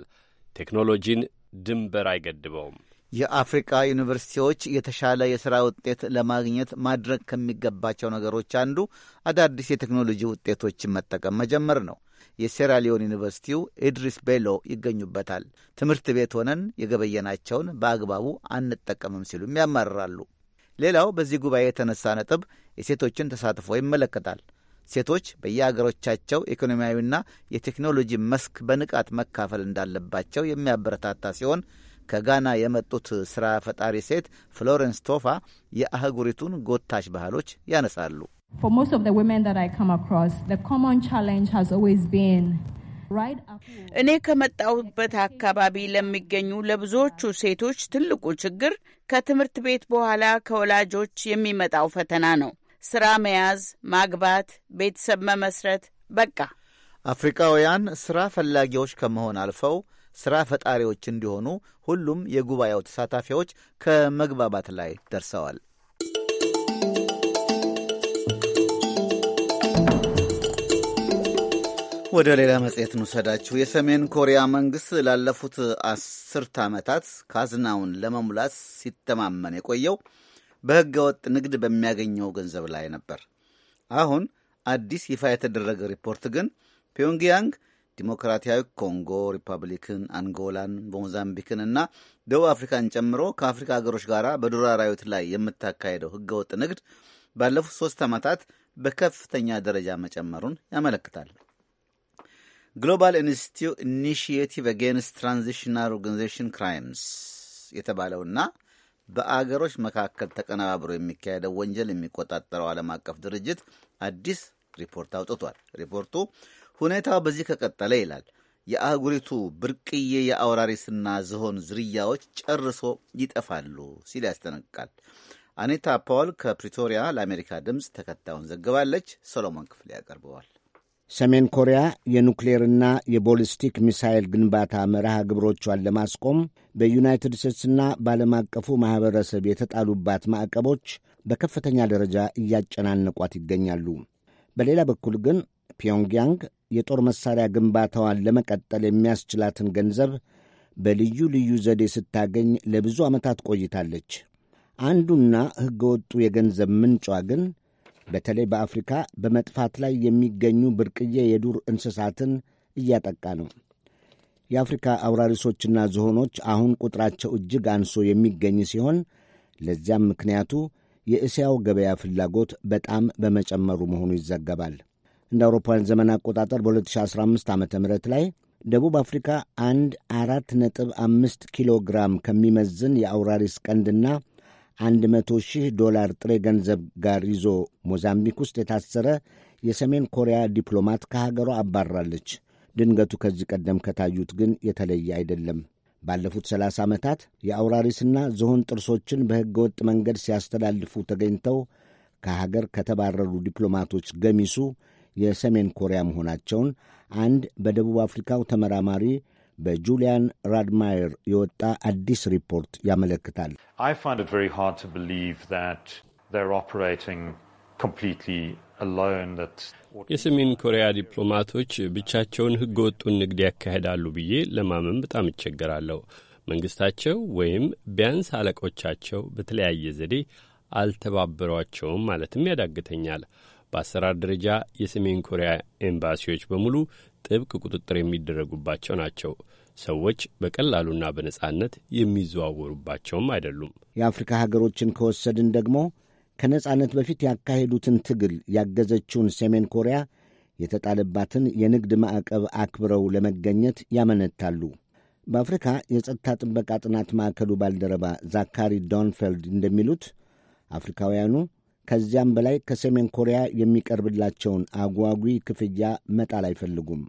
ቴክኖሎጂን ድንበር አይገድበውም። የአፍሪቃ ዩኒቨርሲቲዎች የተሻለ የሥራ ውጤት ለማግኘት ማድረግ ከሚገባቸው ነገሮች አንዱ አዳዲስ የቴክኖሎጂ ውጤቶችን መጠቀም መጀመር ነው። የሴራሊዮን ዩኒቨርሲቲው ኢድሪስ ቤሎ ይገኙበታል። ትምህርት ቤት ሆነን የገበየናቸውን በአግባቡ አንጠቀምም ሲሉም ያማርራሉ። ሌላው በዚህ ጉባኤ የተነሳ ነጥብ የሴቶችን ተሳትፎ ይመለከታል። ሴቶች በየአገሮቻቸው ኢኮኖሚያዊና የቴክኖሎጂ መስክ በንቃት መካፈል እንዳለባቸው የሚያበረታታ ሲሆን ከጋና የመጡት ሥራ ፈጣሪ ሴት ፍሎረንስ ቶፋ የአህጉሪቱን ጎታች ባህሎች ያነሳሉ። እኔ ከመጣሁበት አካባቢ ለሚገኙ ለብዙዎቹ ሴቶች ትልቁ ችግር ከትምህርት ቤት በኋላ ከወላጆች የሚመጣው ፈተና ነው። ስራ መያዝ፣ ማግባት፣ ቤተሰብ መመስረት፣ በቃ አፍሪካውያን ስራ ፈላጊዎች ከመሆን አልፈው ሥራ ፈጣሪዎች እንዲሆኑ ሁሉም የጉባኤው ተሳታፊዎች ከመግባባት ላይ ደርሰዋል። ወደ ሌላ መጽሔት እንውሰዳችሁ። የሰሜን ኮሪያ መንግሥት ላለፉት አስርት ዓመታት ካዝናውን ለመሙላት ሲተማመን የቆየው በሕገ ወጥ ንግድ በሚያገኘው ገንዘብ ላይ ነበር። አሁን አዲስ ይፋ የተደረገ ሪፖርት ግን ፒዮንግያንግ ዲሞክራቲያዊ ኮንጎ ሪፐብሊክን፣ አንጎላን፣ ሞዛምቢክን እና ደቡብ አፍሪካን ጨምሮ ከአፍሪካ ሀገሮች ጋር በዱር አራዊት ላይ የምታካሄደው ህገወጥ ንግድ ባለፉት ሶስት ዓመታት በከፍተኛ ደረጃ መጨመሩን ያመለክታል። ግሎባል ኢኒሽቲቭ አጌንስት ትራንዚሽናል ኦርጋኒዜሽን ክራይምስ የተባለውና በአገሮች መካከል ተቀነባብሮ የሚካሄደው ወንጀል የሚቆጣጠረው ዓለም አቀፍ ድርጅት አዲስ ሪፖርት አውጥቷል። ሪፖርቱ ሁኔታው በዚህ ከቀጠለ ይላል የአህጉሪቱ ብርቅዬ የአውራሪስና ዝሆን ዝርያዎች ጨርሶ ይጠፋሉ ሲል ያስጠነቅቃል። አኒታ ፓውል ከፕሪቶሪያ ለአሜሪካ ድምፅ ተከታዩን ዘግባለች። ሰሎሞን ክፍሌ ያቀርበዋል። ሰሜን ኮሪያ የኑክሌርና የቦሊስቲክ ሚሳይል ግንባታ መርሃ ግብሮቿን ለማስቆም በዩናይትድ ስቴትስና በዓለም አቀፉ ማኅበረሰብ የተጣሉባት ማዕቀቦች በከፍተኛ ደረጃ እያጨናነቋት ይገኛሉ። በሌላ በኩል ግን ፒዮንግያንግ የጦር መሣሪያ ግንባታዋን ለመቀጠል የሚያስችላትን ገንዘብ በልዩ ልዩ ዘዴ ስታገኝ ለብዙ ዓመታት ቆይታለች። አንዱና ሕገወጡ የገንዘብ ምንጯ ግን በተለይ በአፍሪካ በመጥፋት ላይ የሚገኙ ብርቅዬ የዱር እንስሳትን እያጠቃ ነው። የአፍሪካ አውራሪሶችና ዝሆኖች አሁን ቁጥራቸው እጅግ አንሶ የሚገኝ ሲሆን ለዚያም ምክንያቱ የእስያው ገበያ ፍላጎት በጣም በመጨመሩ መሆኑ ይዘገባል። እንደ አውሮፓውያን ዘመን አቆጣጠር በ2015 ዓ ም ላይ ደቡብ አፍሪካ አንድ አራት ነጥብ አምስት ኪሎ ግራም ከሚመዝን የአውራሪስ ቀንድና አንድ መቶ ሺህ ዶላር ጥሬ ገንዘብ ጋር ይዞ ሞዛምቢክ ውስጥ የታሰረ የሰሜን ኮሪያ ዲፕሎማት ከሀገሯ አባራለች። ድንገቱ ከዚህ ቀደም ከታዩት ግን የተለየ አይደለም። ባለፉት 30 ዓመታት የአውራሪስና ዝሆን ጥርሶችን ወጥ መንገድ ሲያስተላልፉ ተገኝተው ከሀገር ከተባረሩ ዲፕሎማቶች ገሚሱ የሰሜን ኮሪያ መሆናቸውን አንድ በደቡብ አፍሪካው ተመራማሪ በጁሊያን ራድማየር የወጣ አዲስ ሪፖርት ያመለክታል። የሰሜን ኮሪያ ዲፕሎማቶች ብቻቸውን ሕገወጡን ንግድ ያካሂዳሉ ብዬ ለማመን በጣም እቸገራለሁ። መንግስታቸው ወይም ቢያንስ አለቆቻቸው በተለያየ ዘዴ አልተባበሯቸውም ማለትም ያዳግተኛል። በአሰራር ደረጃ የሰሜን ኮሪያ ኤምባሲዎች በሙሉ ጥብቅ ቁጥጥር የሚደረጉባቸው ናቸው። ሰዎች በቀላሉና በነጻነት የሚዘዋወሩባቸውም አይደሉም። የአፍሪካ ሀገሮችን ከወሰድን ደግሞ ከነጻነት በፊት ያካሄዱትን ትግል ያገዘችውን ሰሜን ኮሪያ የተጣለባትን የንግድ ማዕቀብ አክብረው ለመገኘት ያመነታሉ። በአፍሪካ የጸጥታ ጥበቃ ጥናት ማዕከሉ ባልደረባ ዛካሪ ዶንፌልድ እንደሚሉት አፍሪካውያኑ ከዚያም በላይ ከሰሜን ኮሪያ የሚቀርብላቸውን አጓጊ ክፍያ መጣል አይፈልጉም።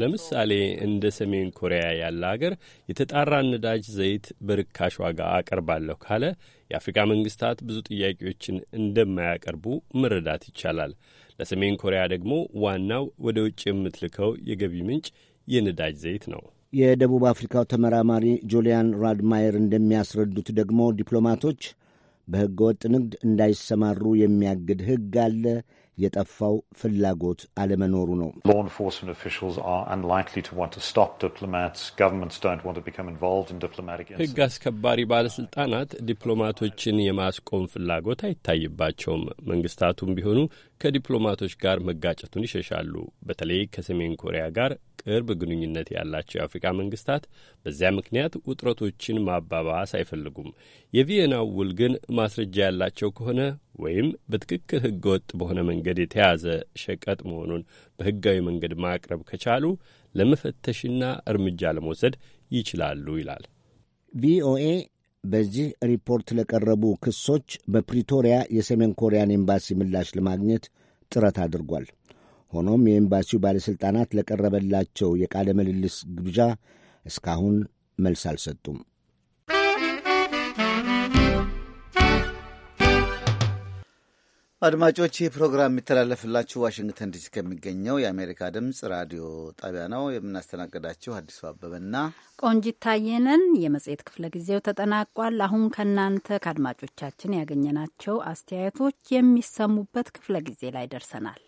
ለምሳሌ እንደ ሰሜን ኮሪያ ያለ አገር የተጣራ ነዳጅ ዘይት በርካሽ ዋጋ አቀርባለሁ ካለ የአፍሪካ መንግስታት ብዙ ጥያቄዎችን እንደማያቀርቡ መረዳት ይቻላል። ለሰሜን ኮሪያ ደግሞ ዋናው ወደ ውጭ የምትልከው የገቢ ምንጭ የነዳጅ ዘይት ነው። የደቡብ አፍሪካው ተመራማሪ ጁልያን ራድማየር እንደሚያስረዱት ደግሞ ዲፕሎማቶች በሕገ ወጥ ንግድ እንዳይሰማሩ የሚያግድ ሕግ አለ። የጠፋው ፍላጎት አለመኖሩ ነው። ሕግ አስከባሪ ባለስልጣናት ዲፕሎማቶችን የማስቆም ፍላጎት አይታይባቸውም። መንግስታቱም ቢሆኑ ከዲፕሎማቶች ጋር መጋጨቱን ይሸሻሉ። በተለይ ከሰሜን ኮሪያ ጋር ቅርብ ግንኙነት ያላቸው የአፍሪካ መንግስታት በዚያ ምክንያት ውጥረቶችን ማባባስ አይፈልጉም። የቪየናው ውል ግን ማስረጃ ያላቸው ከሆነ ወይም በትክክል ሕገ ወጥ በሆነ መንገድ የተያዘ ሸቀጥ መሆኑን በሕጋዊ መንገድ ማቅረብ ከቻሉ ለመፈተሽና እርምጃ ለመውሰድ ይችላሉ ይላል። ቪኦኤ በዚህ ሪፖርት ለቀረቡ ክሶች በፕሪቶሪያ የሰሜን ኮሪያን ኤምባሲ ምላሽ ለማግኘት ጥረት አድርጓል። ሆኖም የኤምባሲው ባለሥልጣናት ለቀረበላቸው የቃለ ምልልስ ግብዣ እስካሁን መልስ አልሰጡም። አድማጮች ይህ ፕሮግራም የሚተላለፍላችሁ ዋሽንግተን ዲሲ ከሚገኘው የአሜሪካ ድምፅ ራዲዮ ጣቢያ ነው። የምናስተናግዳችሁ አዲሱ አበበና ቆንጂት ታየነን። የመጽሔት ክፍለ ጊዜው ተጠናቋል። አሁን ከእናንተ ከአድማጮቻችን ያገኘናቸው አስተያየቶች የሚሰሙበት ክፍለ ጊዜ ላይ ደርሰናል።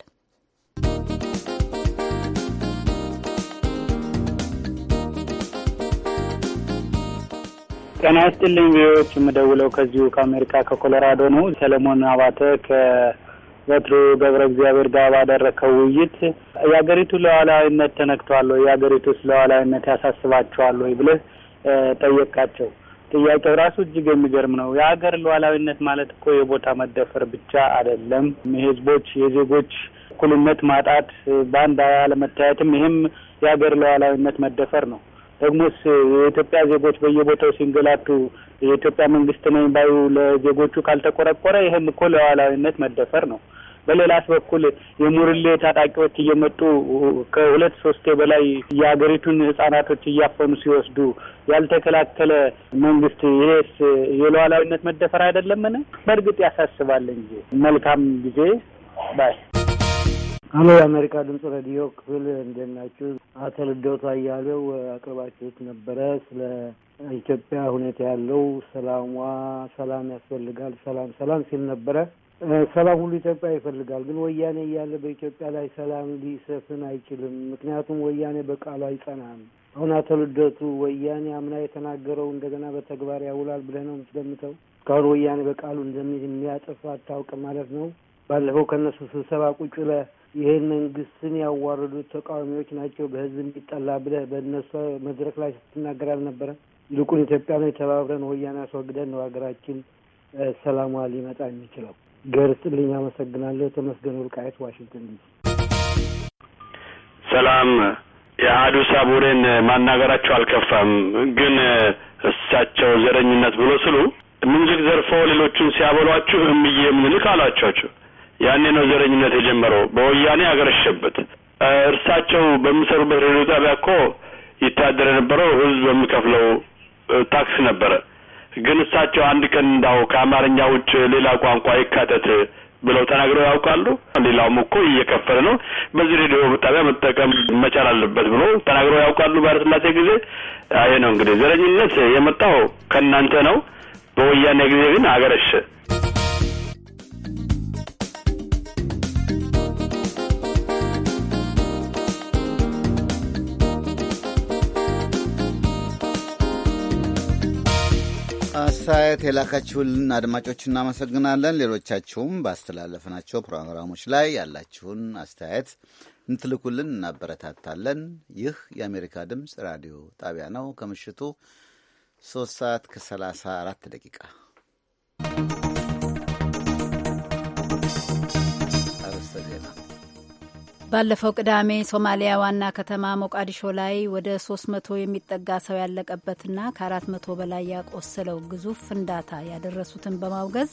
ጤና ይስጥልኝ ቪዎች የምደውለው ከዚሁ ከአሜሪካ ከኮሎራዶ ነው። ሰለሞን አባተ ከበትሮ ገብረ እግዚአብሔር ጋር ባደረከው ውይይት የሀገሪቱ ሉዓላዊነት ተነክቷል ወይ፣ የሀገሪቱ ሉዓላዊነት ያሳስባቸዋል ወይ ብለህ ጠየቃቸው። ጥያቄው ራሱ እጅግ የሚገርም ነው። የሀገር ሉዓላዊነት ማለት እኮ የቦታ መደፈር ብቻ አይደለም። የህዝቦች የዜጎች እኩልነት ማጣት፣ በአንድ አለመታየትም፣ ይህም የሀገር ሉዓላዊነት መደፈር ነው። ደግሞስ የኢትዮጵያ ዜጎች በየቦታው ሲንገላቱ የኢትዮጵያ መንግስት ነኝ ባዩ ለዜጎቹ ካልተቆረቆረ ይህም እኮ ለዋላዊነት መደፈር ነው። በሌላስ በኩል የሙርሌ ታጣቂዎች እየመጡ ከሁለት ሶስቴ በላይ የሀገሪቱን ህጻናቶች እያፈኑ ሲወስዱ ያልተከላከለ መንግስት ይሄስ የሉዓላዊነት መደፈር አይደለምን? በእርግጥ ያሳስባል እንጂ መልካም ጊዜ ባይ አሎ የአሜሪካ ድምጽ ሬዲዮ ክፍል እንደናችሁ ናችሁ? አቶ ልደቱ አያሌው አቅርባችሁት ነበረ ስለ ኢትዮጵያ ሁኔታ ያለው ሰላሟ ሰላም ያስፈልጋል ሰላም ሰላም ሲል ነበረ። ሰላም ሁሉ ኢትዮጵያ ይፈልጋል። ግን ወያኔ እያለ በኢትዮጵያ ላይ ሰላም ሊሰፍን አይችልም። ምክንያቱም ወያኔ በቃሉ አይጸናም። አሁን አቶ ልደቱ ወያኔ አምና የተናገረው እንደገና በተግባር ያውላል ብለህ ነው የምትገምተው? እስካሁን ወያኔ በቃሉ እንደሚያጠፋ አታውቅ ማለት ነው። ባለፈው ከእነሱ ስብሰባ ቁጭ ብለህ ይህን መንግስትን ያዋረዱ ተቃዋሚዎች ናቸው፣ በህዝብ የሚጠላ ብለህ በእነሱ መድረክ ላይ ስትናገር አልነበረ? ይልቁን ኢትዮጵያ ነው የተባብረን ወያኔ አስወግደን ነው ሀገራችን ሰላሟ ሊመጣ የሚችለው። ገርጽልኝ፣ አመሰግናለሁ። ተመስገን ወልቃየት፣ ዋሽንግተን ዲሲ። ሰላም። የአህዱ ሳቡሬን ማናገራቸው አልከፋም፣ ግን እሳቸው ዘረኝነት ብሎ ስሉ ምንዝቅ ዘርፎ ሌሎቹን ሲያበሏችሁ እምዬ ምንልክ አሏቸዋቸው። ያኔ ነው ዘረኝነት የጀመረው። በወያኔ አገረሸበት። እርሳቸው በሚሰሩበት ሬዲዮ ጣቢያ እኮ ይታደር የነበረው ህዝብ በሚከፍለው ታክስ ነበረ። ግን እሳቸው አንድ ቀን እንዳው ከአማርኛ ውጭ ሌላ ቋንቋ ይካተት ብለው ተናግረው ያውቃሉ? ሌላውም እኮ እየከፈለ ነው፣ በዚህ ሬዲዮ ጣቢያ መጠቀም መቻል አለበት ብሎ ተናግረው ያውቃሉ? ባለስላሴ ጊዜ ይህ ነው እንግዲህ ዘረኝነት የመጣው ከእናንተ ነው። በወያኔ ጊዜ ግን አገረሸ። አስተያየት የላካችሁልን አድማጮች እናመሰግናለን። ሌሎቻችሁም ባስተላለፍናቸው ፕሮግራሞች ላይ ያላችሁን አስተያየት እንትልኩልን እናበረታታለን። ይህ የአሜሪካ ድምፅ ራዲዮ ጣቢያ ነው። ከምሽቱ 3 ሰዓት ከ34 ደቂቃ ባለፈው ቅዳሜ ሶማሊያ ዋና ከተማ ሞቃዲሾ ላይ ወደ 300 የሚጠጋ ሰው ያለቀበትና ከ400 በላይ ያቆሰለው ግዙፍ ፍንዳታ ያደረሱትን በማውገዝ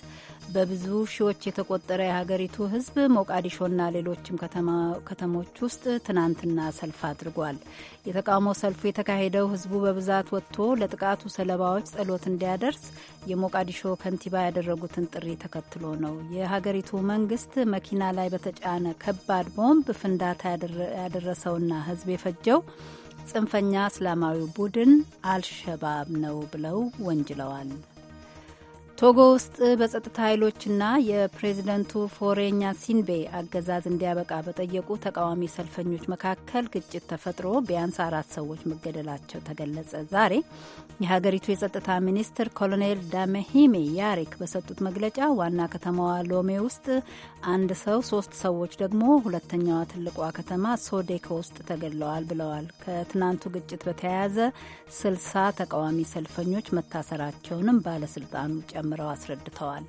በብዙ ሺዎች የተቆጠረ የሀገሪቱ ሕዝብ ሞቃዲሾና ሌሎችም ከተሞች ውስጥ ትናንትና ሰልፍ አድርጓል። የተቃውሞ ሰልፉ የተካሄደው ህዝቡ በብዛት ወጥቶ ለጥቃቱ ሰለባዎች ጸሎት እንዲያደርስ የሞቃዲሾ ከንቲባ ያደረጉትን ጥሪ ተከትሎ ነው። የሀገሪቱ መንግስት መኪና ላይ በተጫነ ከባድ ቦምብ ፍንዳታ ያደረሰውና ህዝብ የፈጀው ጽንፈኛ እስላማዊ ቡድን አልሸባብ ነው ብለው ወንጅለዋል። ቶጎ ውስጥ በጸጥታ ኃይሎችና የፕሬዝደንቱ ፎሬኛ ሲንቤ አገዛዝ እንዲያበቃ በጠየቁ ተቃዋሚ ሰልፈኞች መካከል ግጭት ተፈጥሮ ቢያንስ አራት ሰዎች መገደላቸው ተገለጸ። ዛሬ የሀገሪቱ የጸጥታ ሚኒስትር ኮሎኔል ዳመሂሜ ያሪክ በሰጡት መግለጫ ዋና ከተማዋ ሎሜ ውስጥ አንድ ሰው ሶስት ሰዎች ደግሞ ሁለተኛዋ ትልቋ ከተማ ሶዴካ ውስጥ ተገድለዋል ብለዋል። ከትናንቱ ግጭት በተያያዘ ስልሳ ተቃዋሚ ሰልፈኞች መታሰራቸውንም ባለስልጣኑ ጨምረው አስረድተዋል።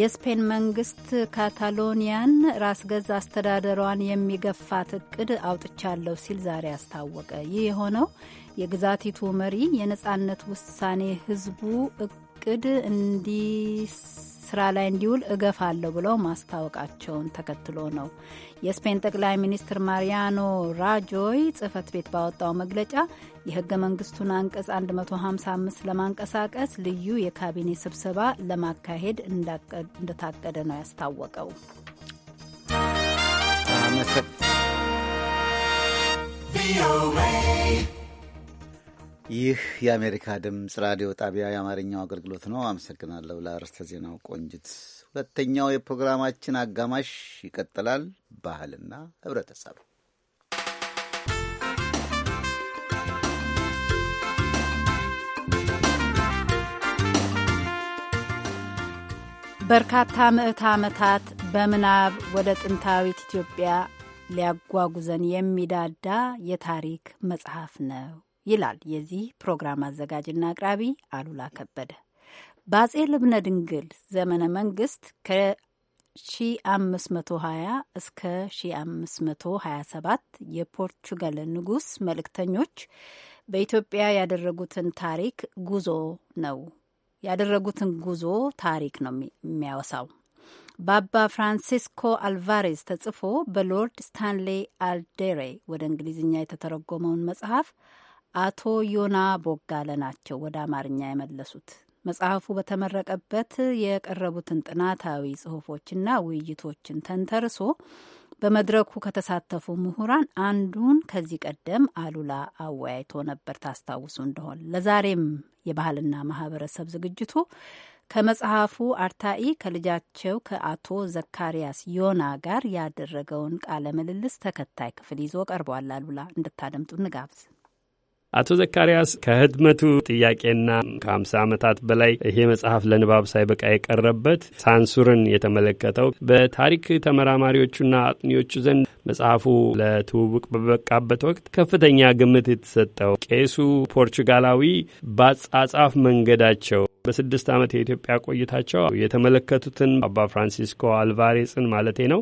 የስፔን መንግስት ካታሎኒያን ራስ ገዝ አስተዳደሯን የሚገፋት እቅድ አውጥቻለሁ ሲል ዛሬ አስታወቀ። ይህ የሆነው የግዛቲቱ መሪ የነጻነት ውሳኔ ህዝቡ እቅድ እንዲስ ስራ ላይ እንዲውል እገፋለሁ ብለው ማስታወቃቸውን ተከትሎ ነው። የስፔን ጠቅላይ ሚኒስትር ማሪያኖ ራጆይ ጽህፈት ቤት ባወጣው መግለጫ የህገ መንግስቱን አንቀጽ 155 ለማንቀሳቀስ ልዩ የካቢኔ ስብሰባ ለማካሄድ እንደታቀደ ነው ያስታወቀው። ቪኦኤ ይህ የአሜሪካ ድምፅ ራዲዮ ጣቢያ የአማርኛው አገልግሎት ነው። አመሰግናለሁ። ለአርዕስተ ዜናው ቆንጅት። ሁለተኛው የፕሮግራማችን አጋማሽ ይቀጥላል። ባህልና ህብረተሰብ በርካታ ምዕት ዓመታት በምናብ ወደ ጥንታዊት ኢትዮጵያ ሊያጓጉዘን የሚዳዳ የታሪክ መጽሐፍ ነው ይላል የዚህ ፕሮግራም አዘጋጅና አቅራቢ አሉላ ከበደ። በአጼ ልብነ ድንግል ዘመነ መንግስት ከ1520 እስከ 1527 የፖርቹጋል ንጉስ መልእክተኞች በኢትዮጵያ ያደረጉትን ታሪክ ጉዞ ነው ያደረጉትን ጉዞ ታሪክ ነው የሚያወሳው። በአባ ፍራንሲስኮ አልቫሬዝ ተጽፎ በሎርድ ስታንሌ አልዴሬ ወደ እንግሊዝኛ የተተረጎመውን መጽሐፍ አቶ ዮና ቦጋለ ናቸው ወደ አማርኛ የመለሱት። መጽሐፉ በተመረቀበት የቀረቡትን ጥናታዊ ጽሁፎችና ውይይቶችን ተንተርሶ በመድረኩ ከተሳተፉ ምሁራን አንዱን ከዚህ ቀደም አሉላ አወያይቶ ነበር ታስታውሱ እንደሆን። ለዛሬም የባህልና ማህበረሰብ ዝግጅቱ ከመጽሐፉ አርታኢ ከልጃቸው ከአቶ ዘካሪያስ ዮና ጋር ያደረገውን ቃለ ምልልስ ተከታይ ክፍል ይዞ ቀርቧል። አሉላ እንድታደምጡ እንጋብዝ። አቶ ዘካርያስ ከህትመቱ ጥያቄና ከሀምሳ ዓመታት በላይ ይሄ መጽሐፍ ለንባብ ሳይበቃ የቀረበት ሳንሱርን የተመለከተው በታሪክ ተመራማሪዎቹና አጥኚዎቹ ዘንድ መጽሐፉ ለትውውቅ በበቃበት ወቅት ከፍተኛ ግምት የተሰጠው ቄሱ ፖርቹጋላዊ በአጻጻፍ መንገዳቸው በስድስት ዓመት የኢትዮጵያ ቆይታቸው የተመለከቱትን አባ ፍራንሲስኮ አልቫሬስን ማለቴ ነው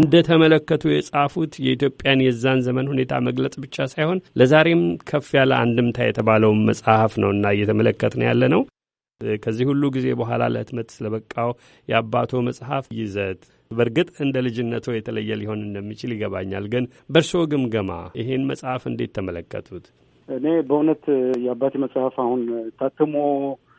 እንደ ተመለከቱ የጻፉት የኢትዮጵያን የዛን ዘመን ሁኔታ መግለጽ ብቻ ሳይሆን ለዛሬም ከፍ ያለ አንድምታ የተባለውን መጽሐፍ ነው እና እየተመለከት ነው ያለ ነው። ከዚህ ሁሉ ጊዜ በኋላ ለህትመት ስለበቃው የአባቶ መጽሐፍ ይዘት በእርግጥ እንደ ልጅነቶ የተለየ ሊሆን እንደሚችል ይገባኛል። ግን በእርስዎ ግምገማ ይሄን መጽሐፍ እንዴት ተመለከቱት? እኔ በእውነት የአባቴ መጽሐፍ አሁን ታትሞ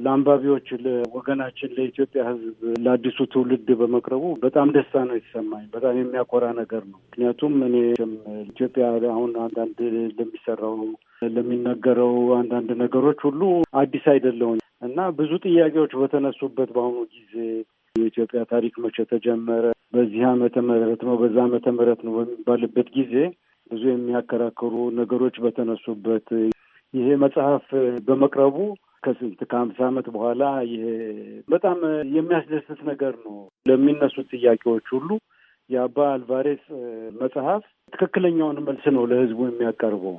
ለአንባቢዎች ለወገናችን፣ ለኢትዮጵያ ሕዝብ፣ ለአዲሱ ትውልድ በመቅረቡ በጣም ደስታ ነው የተሰማኝ። በጣም የሚያኮራ ነገር ነው። ምክንያቱም እኔ ኢትዮጵያ አሁን አንዳንድ ለሚሰራው ለሚነገረው አንዳንድ ነገሮች ሁሉ አዲስ አይደለሁም እና ብዙ ጥያቄዎች በተነሱበት በአሁኑ ጊዜ የኢትዮጵያ ታሪክ መቼ ተጀመረ፣ በዚህ ዓመተ ምህረት ነው፣ በዛ ዓመተ ምህረት ነው በሚባልበት ጊዜ ብዙ የሚያከራክሩ ነገሮች በተነሱበት ይሄ መጽሐፍ በመቅረቡ ከስንት ከሀምሳ ዓመት በኋላ ይሄ በጣም የሚያስደስት ነገር ነው። ለሚነሱት ጥያቄዎች ሁሉ የአባ አልቫሬስ መጽሐፍ ትክክለኛውን መልስ ነው ለህዝቡ የሚያቀርበው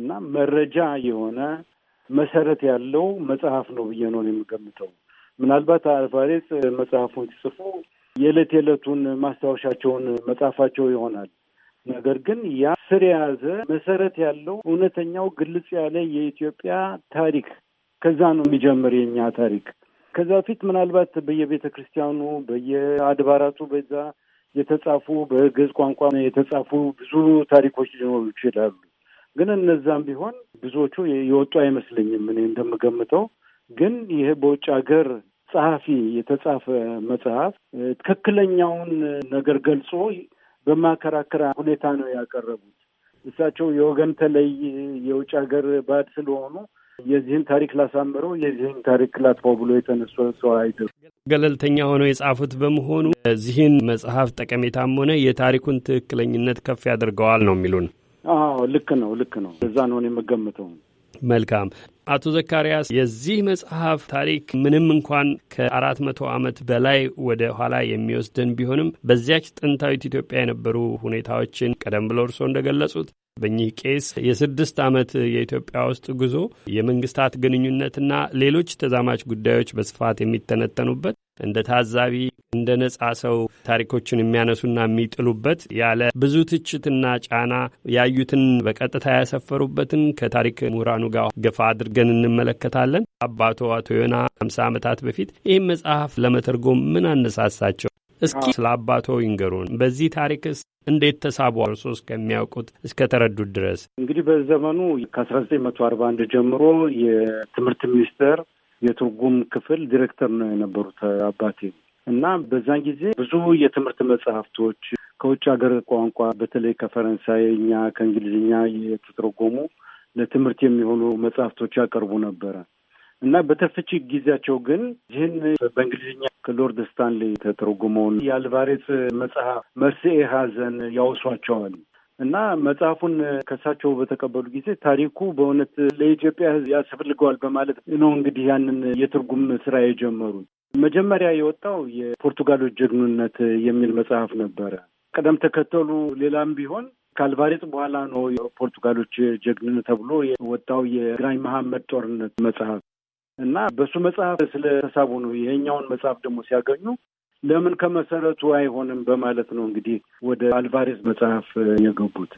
እና መረጃ የሆነ መሰረት ያለው መጽሐፍ ነው ብዬ ነው የምገምተው። ምናልባት አልቫሬስ መጽሐፉን ሲጽፉ የዕለት የዕለቱን ማስታወሻቸውን መጽሐፋቸው ይሆናል። ነገር ግን ያ ስር የያዘ መሰረት ያለው እውነተኛው ግልጽ ያለ የኢትዮጵያ ታሪክ ከዛ ነው የሚጀምር የኛ ታሪክ። ከዛ በፊት ምናልባት በየቤተ ክርስቲያኑ በየአድባራቱ በዛ የተጻፉ በግዕዝ ቋንቋ የተጻፉ ብዙ ታሪኮች ሊኖሩ ይችላሉ። ግን እነዛም ቢሆን ብዙዎቹ የወጡ አይመስለኝም። እኔ እንደምገምተው ግን ይሄ በውጭ ሀገር ጸሐፊ የተጻፈ መጽሐፍ ትክክለኛውን ነገር ገልጾ በማከራከራ ሁኔታ ነው ያቀረቡት። እሳቸው የወገን ተለይ የውጭ ሀገር ባድ ስለሆኑ የዚህን ታሪክ ላሳምረው የዚህን ታሪክ ላጥፋው ብሎ የተነሱ ሰው አይደሉም። ገለልተኛ ሆነው የጻፉት በመሆኑ እዚህን መጽሐፍ ጠቀሜታም ሆነ የታሪኩን ትክክለኝነት ከፍ ያደርገዋል ነው የሚሉን። አዎ ልክ ነው፣ ልክ ነው። እዛ ነው የምገምተው። መልካም አቶ ዘካርያስ የዚህ መጽሐፍ ታሪክ ምንም እንኳን ከአራት መቶ ዓመት በላይ ወደ ኋላ የሚወስደን ቢሆንም በዚያች ጥንታዊት ኢትዮጵያ የነበሩ ሁኔታዎችን ቀደም ብሎ እርስዎ እንደገለጹት በእኚህ ቄስ የስድስት ዓመት የኢትዮጵያ ውስጥ ጉዞ የመንግስታት ግንኙነትና ሌሎች ተዛማች ጉዳዮች በስፋት የሚተነተኑበት እንደ ታዛቢ እንደ ነጻ ሰው ታሪኮችን የሚያነሱና የሚጥሉበት ያለ ብዙ ትችትና ጫና ያዩትን በቀጥታ ያሰፈሩበትን ከታሪክ ምሁራኑ ጋር ገፋ አድርገን እንመለከታለን። አባቶ አቶ ዮና ሃምሳ ዓመታት በፊት ይህም መጽሐፍ ለመተርጎም ምን አነሳሳቸው? እስኪ ስለ አባቶ ይንገሩን። በዚህ ታሪክስ እንዴት ተሳቡ? እርሶ እስከሚያውቁት እስከ ተረዱት ድረስ እንግዲህ በዘመኑ ከ1941 ጀምሮ የትምህርት ሚኒስቴር የትርጉም ክፍል ዲሬክተር ነው የነበሩት አባቴ እና በዛን ጊዜ ብዙ የትምህርት መጽሐፍቶች ከውጭ ሀገር ቋንቋ በተለይ ከፈረንሳይኛ ከእንግሊዝኛ የተተረጎሙ ለትምህርት የሚሆኑ መጽሐፍቶች ያቀርቡ ነበረ እና በተፍች ጊዜያቸው ግን ይህን በእንግሊዝኛ ከሎርድ ስታንሌ የተተረጎመውን የአልቫሬዝ መጽሐፍ መርስኤ ሀዘን ያውሷቸዋል። እና መጽሐፉን ከሳቸው በተቀበሉ ጊዜ ታሪኩ በእውነት ለኢትዮጵያ ሕዝብ ያስፈልገዋል በማለት ነው እንግዲህ ያንን የትርጉም ስራ የጀመሩት። መጀመሪያ የወጣው የፖርቱጋሎች ጀግኑነት የሚል መጽሐፍ ነበረ። ቀደም ተከተሉ ሌላም ቢሆን ካልቫሬጥ በኋላ ነው የፖርቱጋሎች ጀግንን ተብሎ የወጣው የግራኝ መሐመድ ጦርነት መጽሐፍ እና በሱ መጽሐፍ ስለተሳቡ ነው። ይሄኛውን መጽሐፍ ደግሞ ሲያገኙ ለምን ከመሰረቱ አይሆንም በማለት ነው እንግዲህ ወደ አልቫሬዝ መጽሐፍ የገቡት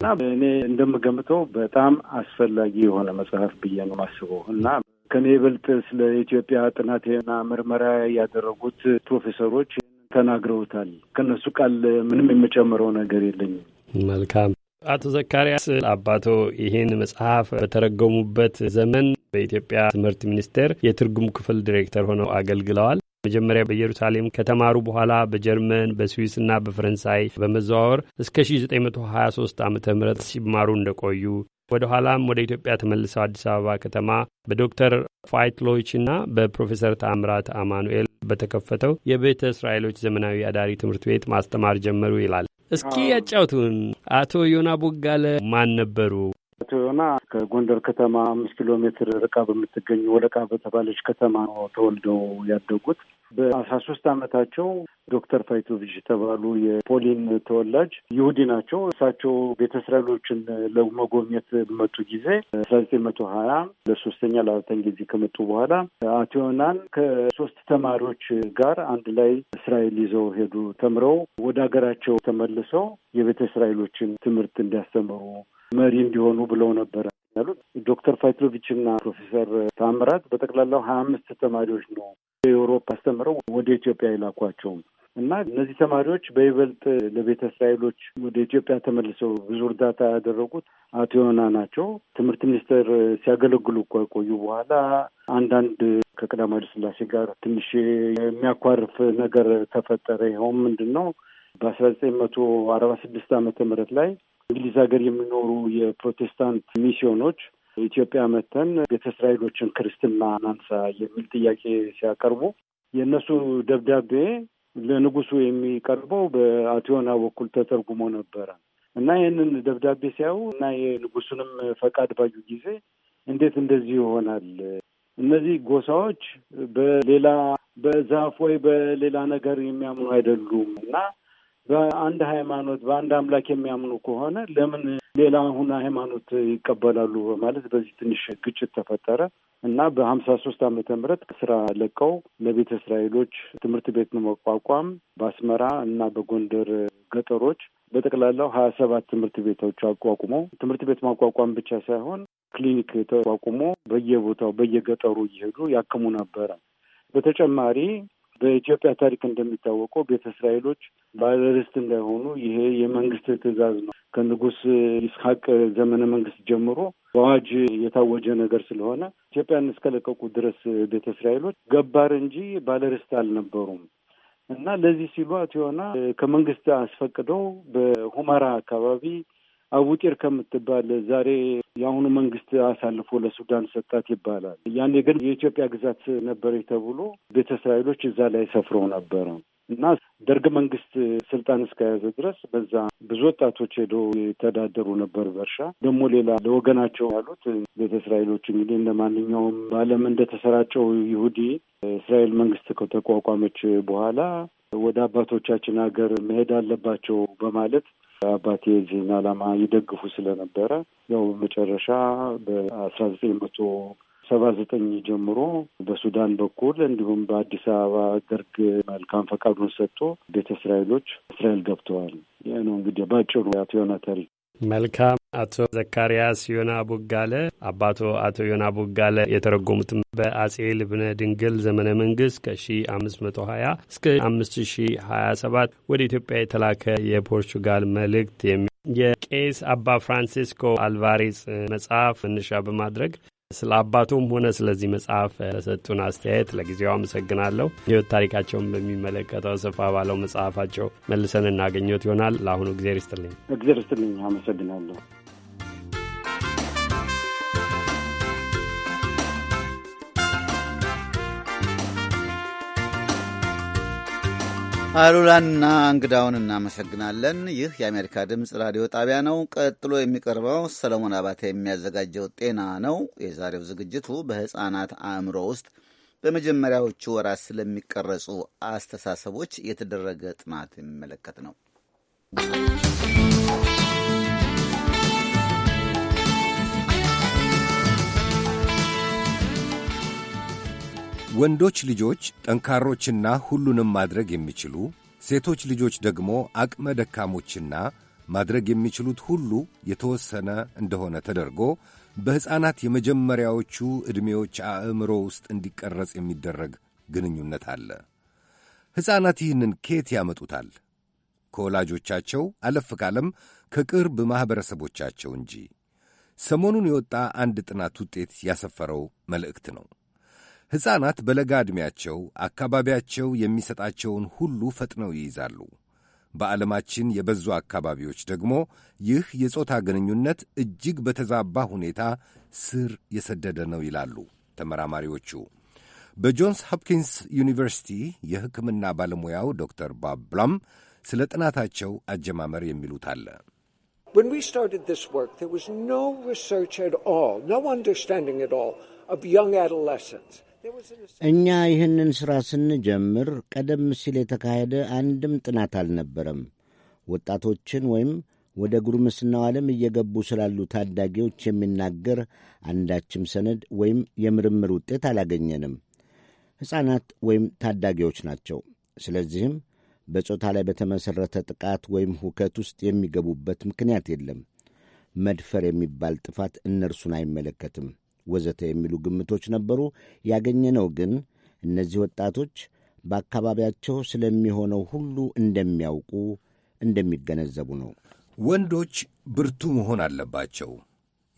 እና እኔ እንደምገምተው በጣም አስፈላጊ የሆነ መጽሐፍ ብዬ ነው የማስበው እና ከኔ ይበልጥ ስለ ኢትዮጵያ ጥናትና ምርመራ ያደረጉት ፕሮፌሰሮች ተናግረውታል። ከነሱ ቃል ምንም የምጨምረው ነገር የለኝም። መልካም አቶ ዘካርያስ አባቶ ይህን መጽሐፍ በተረገሙበት ዘመን በኢትዮጵያ ትምህርት ሚኒስቴር የትርጉም ክፍል ዲሬክተር ሆነው አገልግለዋል። መጀመሪያ በኢየሩሳሌም ከተማሩ በኋላ በጀርመን በስዊስና በፈረንሳይ በመዘዋወር እስከ 1923 ዓ ም ሲማሩ እንደቆዩ ወደ ኋላም ወደ ኢትዮጵያ ተመልሰው አዲስ አበባ ከተማ በዶክተር ፋይትሎይችና በፕሮፌሰር ታምራት አማኑኤል በተከፈተው የቤተ እስራኤሎች ዘመናዊ አዳሪ ትምህርት ቤት ማስተማር ጀመሩ ይላል። እስኪ ያጫውቱን አቶ ዮና ቦጋለ ማን ነበሩ? ቶዮና ከጎንደር ከተማ አምስት ኪሎ ሜትር ርቃ በምትገኝ ወለቃ በተባለች ከተማ ነው ተወልደው ያደጉት። በአስራ ሶስት አመታቸው ዶክተር ፋይቶቪች የተባሉ የፖሊን ተወላጅ ይሁዲ ናቸው። እሳቸው ቤተ እስራኤሎችን ለመጎብኘት በመጡ ጊዜ አስራ ዘጠኝ መቶ ሀያ ለሶስተኛ ለአራተኛ ጊዜ ከመጡ በኋላ አትዮናን ከሶስት ተማሪዎች ጋር አንድ ላይ እስራኤል ይዘው ሄዱ። ተምረው ወደ ሀገራቸው ተመልሰው የቤተ እስራኤሎችን ትምህርት እንዲያስተምሩ መሪ እንዲሆኑ ብለው ነበረ ያሉት ዶክተር ፋይትሎቪች እና ፕሮፌሰር ታምራት በጠቅላላው ሀያ አምስት ተማሪዎች ነው የአውሮፓ አስተምረው ወደ ኢትዮጵያ አይላኳቸውም እና እነዚህ ተማሪዎች በይበልጥ ለቤተ እስራኤሎች ወደ ኢትዮጵያ ተመልሰው ብዙ እርዳታ ያደረጉት አቶ ዮና ናቸው። ትምህርት ሚኒስቴር ሲያገለግሉ እኮ ቆዩ። በኋላ አንዳንድ ከቀዳማዊ ኃይለ ጋር ትንሽ የሚያኳርፍ ነገር ተፈጠረ። ይኸውም ምንድን ነው በአስራ ዘጠኝ መቶ አርባ ስድስት ዓመተ ምህረት ላይ እንግሊዝ ሀገር የሚኖሩ የፕሮቴስታንት ሚስዮኖች ኢትዮጵያ መተን ቤተ እስራኤሎችን ክርስትና እናንሳ የሚል ጥያቄ ሲያቀርቡ የእነሱ ደብዳቤ ለንጉሱ የሚቀርበው በአትዮና በኩል ተተርጉሞ ነበረ እና ይህንን ደብዳቤ ሲያዩ እና የንጉሱንም ፈቃድ ባዩ ጊዜ እንዴት እንደዚህ ይሆናል? እነዚህ ጎሳዎች በሌላ በዛፍ ወይ በሌላ ነገር የሚያምኑ አይደሉም እና በአንድ ሃይማኖት በአንድ አምላክ የሚያምኑ ከሆነ ለምን ሌላ አሁን ሃይማኖት ይቀበላሉ በማለት በዚህ ትንሽ ግጭት ተፈጠረ እና በሀምሳ ሶስት አመተ ምህረት ስራ ለቀው ለቤተ እስራኤሎች ትምህርት ቤት መቋቋም በአስመራ እና በጎንደር ገጠሮች በጠቅላላው ሀያ ሰባት ትምህርት ቤቶች አቋቁመው ትምህርት ቤት ማቋቋም ብቻ ሳይሆን ክሊኒክ ተቋቁሞ በየቦታው በየገጠሩ እየሄዱ ያክሙ ነበረ። በተጨማሪ በኢትዮጵያ ታሪክ እንደሚታወቀው ቤተ እስራኤሎች ባለርስት እንዳይሆኑ ይሄ የመንግስት ትዕዛዝ ነው። ከንጉስ ይስሐቅ ዘመነ መንግስት ጀምሮ በአዋጅ የታወጀ ነገር ስለሆነ ኢትዮጵያን እስከለቀቁ ድረስ ቤተ እስራኤሎች ገባር እንጂ ባለርስት አልነበሩም። እና ለዚህ ሲሉ አቶ ዮና ከመንግስት አስፈቅደው በሁመራ አካባቢ አቡጤር ከምትባል ዛሬ የአሁኑ መንግስት አሳልፎ ለሱዳን ሰጣት ይባላል። ያኔ ግን የኢትዮጵያ ግዛት ነበረች ተብሎ ቤተ እስራኤሎች እዛ ላይ ሰፍረው ነበረ እና ደርግ መንግስት ስልጣን እስከያዘ ድረስ በዛ ብዙ ወጣቶች ሄዶ የተዳደሩ ነበር በእርሻ ደግሞ ሌላ ለወገናቸው ያሉት ቤተ እስራኤሎች እንግዲህ እንደ ማንኛውም በዓለም እንደተሰራጨው ይሁዲ እስራኤል መንግስት ከተቋቋመች በኋላ ወደ አባቶቻችን ሀገር መሄድ አለባቸው በማለት አባቴ የዚህን ዓላማ ይደግፉ ስለነበረ ያው መጨረሻ በአስራ ዘጠኝ መቶ ሰባ ዘጠኝ ጀምሮ በሱዳን በኩል እንዲሁም በአዲስ አበባ ደርግ መልካም ፈቃዱን ሰጥቶ ቤተ እስራኤሎች እስራኤል ገብተዋል። ይህ ነው እንግዲህ ባጭሩ አቶ ዮናታሪ መልካም አቶ ዘካርያስ ዮና ቡጋለ አባቶ አቶ ዮና ቦጋለ የተረጎሙትም በአጼ ልብነ ድንግል ዘመነ መንግስት ከ1520 እስከ 527 ወደ ኢትዮጵያ የተላከ የፖርቹጋል መልእክት የሚ የቄስ አባ ፍራንሲስኮ አልቫሬስ መጽሐፍ መነሻ በማድረግ ስለ አባቱም ሆነ ስለዚህ መጽሐፍ ለሰጡን አስተያየት ለጊዜው አመሰግናለሁ። ሕይወት ታሪካቸውን በሚመለከተው ስፋ ባለው መጽሐፋቸው መልሰን እናገኘት ይሆናል። ለአሁኑ እግዜር ይስጥልኝ። እግዜር ይስጥልኝ። አመሰግናለሁ። አሉላና እንግዳውን እናመሰግናለን። ይህ የአሜሪካ ድምፅ ራዲዮ ጣቢያ ነው። ቀጥሎ የሚቀርበው ሰለሞን አባተ የሚያዘጋጀው ጤና ነው። የዛሬው ዝግጅቱ በሕፃናት አእምሮ ውስጥ በመጀመሪያዎቹ ወራት ስለሚቀረጹ አስተሳሰቦች የተደረገ ጥናት የሚመለከት ነው። ወንዶች ልጆች ጠንካሮችና ሁሉንም ማድረግ የሚችሉ ሴቶች ልጆች ደግሞ አቅመ ደካሞችና ማድረግ የሚችሉት ሁሉ የተወሰነ እንደሆነ ተደርጎ በሕፃናት የመጀመሪያዎቹ ዕድሜዎች አእምሮ ውስጥ እንዲቀረጽ የሚደረግ ግንኙነት አለ። ሕፃናት ይህንን ኬት ያመጡታል? ከወላጆቻቸው አለፍ ካለም ከቅርብ ማኅበረሰቦቻቸው እንጂ። ሰሞኑን የወጣ አንድ ጥናት ውጤት ያሰፈረው መልእክት ነው። ሕፃናት በለጋ ዕድሜያቸው አካባቢያቸው የሚሰጣቸውን ሁሉ ፈጥነው ይይዛሉ። በዓለማችን የበዙ አካባቢዎች ደግሞ ይህ የጾታ ግንኙነት እጅግ በተዛባ ሁኔታ ስር የሰደደ ነው ይላሉ ተመራማሪዎቹ። በጆንስ ሆፕኪንስ ዩኒቨርሲቲ የሕክምና ባለሙያው ዶክተር ባብ ብላም ስለ ጥናታቸው አጀማመር የሚሉት አለ። እኛ ይህንን ሥራ ስንጀምር ቀደም ሲል የተካሄደ አንድም ጥናት አልነበረም። ወጣቶችን ወይም ወደ ጉርምስናው ዓለም እየገቡ ስላሉ ታዳጊዎች የሚናገር አንዳችም ሰነድ ወይም የምርምር ውጤት አላገኘንም። ሕፃናት ወይም ታዳጊዎች ናቸው። ስለዚህም በጾታ ላይ በተመሠረተ ጥቃት ወይም ሁከት ውስጥ የሚገቡበት ምክንያት የለም። መድፈር የሚባል ጥፋት እነርሱን አይመለከትም። ወዘተ የሚሉ ግምቶች ነበሩ። ያገኘነው ግን እነዚህ ወጣቶች በአካባቢያቸው ስለሚሆነው ሁሉ እንደሚያውቁ እንደሚገነዘቡ ነው። ወንዶች ብርቱ መሆን አለባቸው።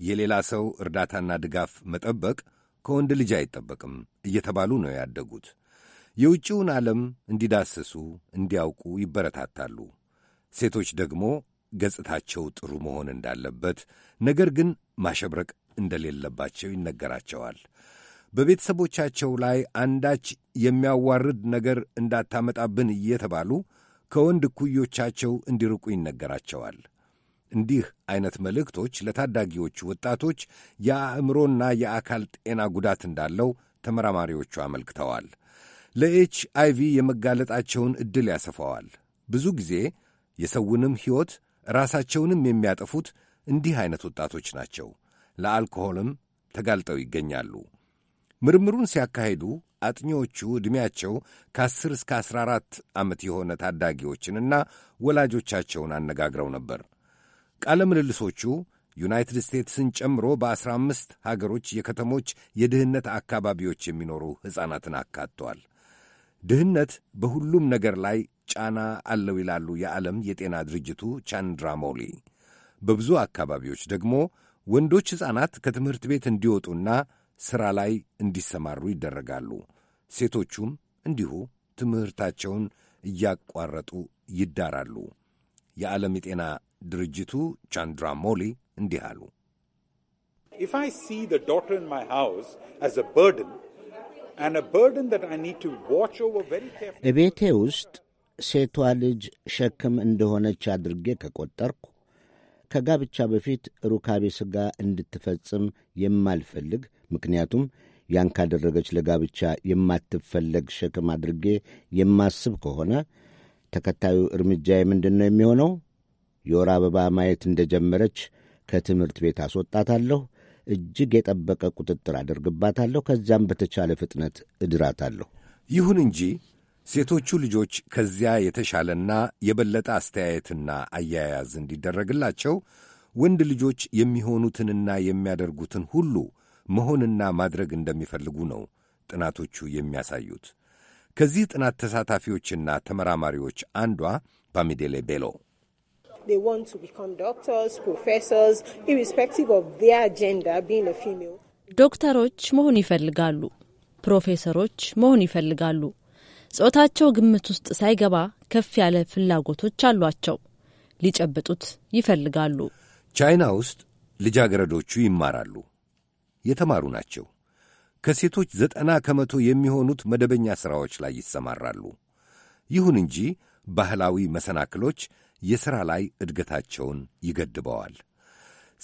የሌላ ሰው እርዳታና ድጋፍ መጠበቅ ከወንድ ልጅ አይጠበቅም እየተባሉ ነው ያደጉት። የውጭውን ዓለም እንዲዳስሱ እንዲያውቁ ይበረታታሉ። ሴቶች ደግሞ ገጽታቸው ጥሩ መሆን እንዳለበት ነገር ግን ማሸብረቅ እንደሌለባቸው ይነገራቸዋል። በቤተሰቦቻቸው ላይ አንዳች የሚያዋርድ ነገር እንዳታመጣብን እየተባሉ ከወንድ እኩዮቻቸው እንዲርቁ ይነገራቸዋል። እንዲህ አይነት መልእክቶች ለታዳጊዎቹ ወጣቶች የአእምሮና የአካል ጤና ጉዳት እንዳለው ተመራማሪዎቹ አመልክተዋል። ለኤች አይቪ የመጋለጣቸውን ዕድል ያሰፋዋል። ብዙ ጊዜ የሰውንም ሕይወት ራሳቸውንም የሚያጠፉት እንዲህ አይነት ወጣቶች ናቸው። ለአልኮሆልም ተጋልጠው ይገኛሉ። ምርምሩን ሲያካሂዱ አጥኚዎቹ ዕድሜያቸው ከ10 እስከ 14 ዓመት የሆነ ታዳጊዎችንና ወላጆቻቸውን አነጋግረው ነበር። ቃለ ምልልሶቹ ዩናይትድ ስቴትስን ጨምሮ በ15 ሀገሮች የከተሞች የድህነት አካባቢዎች የሚኖሩ ሕፃናትን አካቷል። ድህነት በሁሉም ነገር ላይ ጫና አለው ይላሉ የዓለም የጤና ድርጅቱ ቻንድራ ሞሊ። በብዙ አካባቢዎች ደግሞ ወንዶች ሕፃናት ከትምህርት ቤት እንዲወጡና ሥራ ላይ እንዲሰማሩ ይደረጋሉ። ሴቶቹም እንዲሁ ትምህርታቸውን እያቋረጡ ይዳራሉ። የዓለም የጤና ድርጅቱ ቻንድራ ሞሊ እንዲህ አሉ። እቤቴ ውስጥ ሴቷ ልጅ ሸክም እንደሆነች አድርጌ ከቆጠርኩ ከጋብቻ በፊት ሩካቤ ሥጋ እንድትፈጽም የማልፈልግ ምክንያቱም ያን ካደረገች ለጋብቻ የማትፈለግ ሸክም አድርጌ የማስብ ከሆነ ተከታዩ እርምጃ የምንድን ነው የሚሆነው? የወር አበባ ማየት እንደጀመረች ከትምህርት ቤት አስወጣታለሁ። እጅግ የጠበቀ ቁጥጥር አደርግባታለሁ። ከዚያም በተቻለ ፍጥነት እድራታለሁ። ይሁን እንጂ ሴቶቹ ልጆች ከዚያ የተሻለና የበለጠ አስተያየትና አያያዝ እንዲደረግላቸው ወንድ ልጆች የሚሆኑትንና የሚያደርጉትን ሁሉ መሆንና ማድረግ እንደሚፈልጉ ነው ጥናቶቹ የሚያሳዩት። ከዚህ ጥናት ተሳታፊዎችና ተመራማሪዎች አንዷ ፓሚዴሌ ቤሎ ዶክተሮች መሆን ይፈልጋሉ፣ ፕሮፌሰሮች መሆን ይፈልጋሉ ጾታቸው ግምት ውስጥ ሳይገባ ከፍ ያለ ፍላጎቶች አሏቸው። ሊጨብጡት ይፈልጋሉ። ቻይና ውስጥ ልጃገረዶቹ ይማራሉ። የተማሩ ናቸው። ከሴቶች ዘጠና ከመቶ የሚሆኑት መደበኛ ሥራዎች ላይ ይሰማራሉ። ይሁን እንጂ ባህላዊ መሰናክሎች የሥራ ላይ እድገታቸውን ይገድበዋል።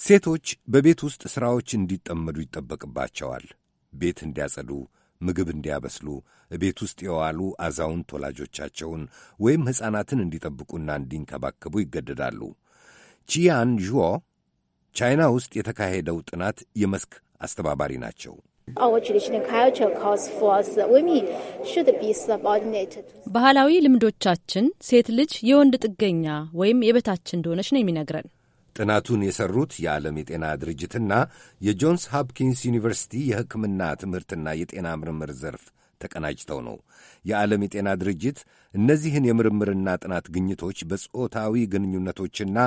ሴቶች በቤት ውስጥ ሥራዎች እንዲጠመዱ ይጠበቅባቸዋል። ቤት እንዲያጸዱ፣ ምግብ እንዲያበስሉ፣ ቤት ውስጥ የዋሉ አዛውንት ወላጆቻቸውን ወይም ሕፃናትን እንዲጠብቁና እንዲንከባከቡ ይገደዳሉ። ቺያን ዥዎ ቻይና ውስጥ የተካሄደው ጥናት የመስክ አስተባባሪ ናቸው። ባህላዊ ልምዶቻችን ሴት ልጅ የወንድ ጥገኛ ወይም የበታች እንደሆነች ነው የሚነግረን። ጥናቱን የሰሩት የዓለም የጤና ድርጅትና የጆንስ ሃፕኪንስ ዩኒቨርሲቲ የሕክምና ትምህርትና የጤና ምርምር ዘርፍ ተቀናጅተው ነው። የዓለም የጤና ድርጅት እነዚህን የምርምርና ጥናት ግኝቶች በጾታዊ ግንኙነቶችና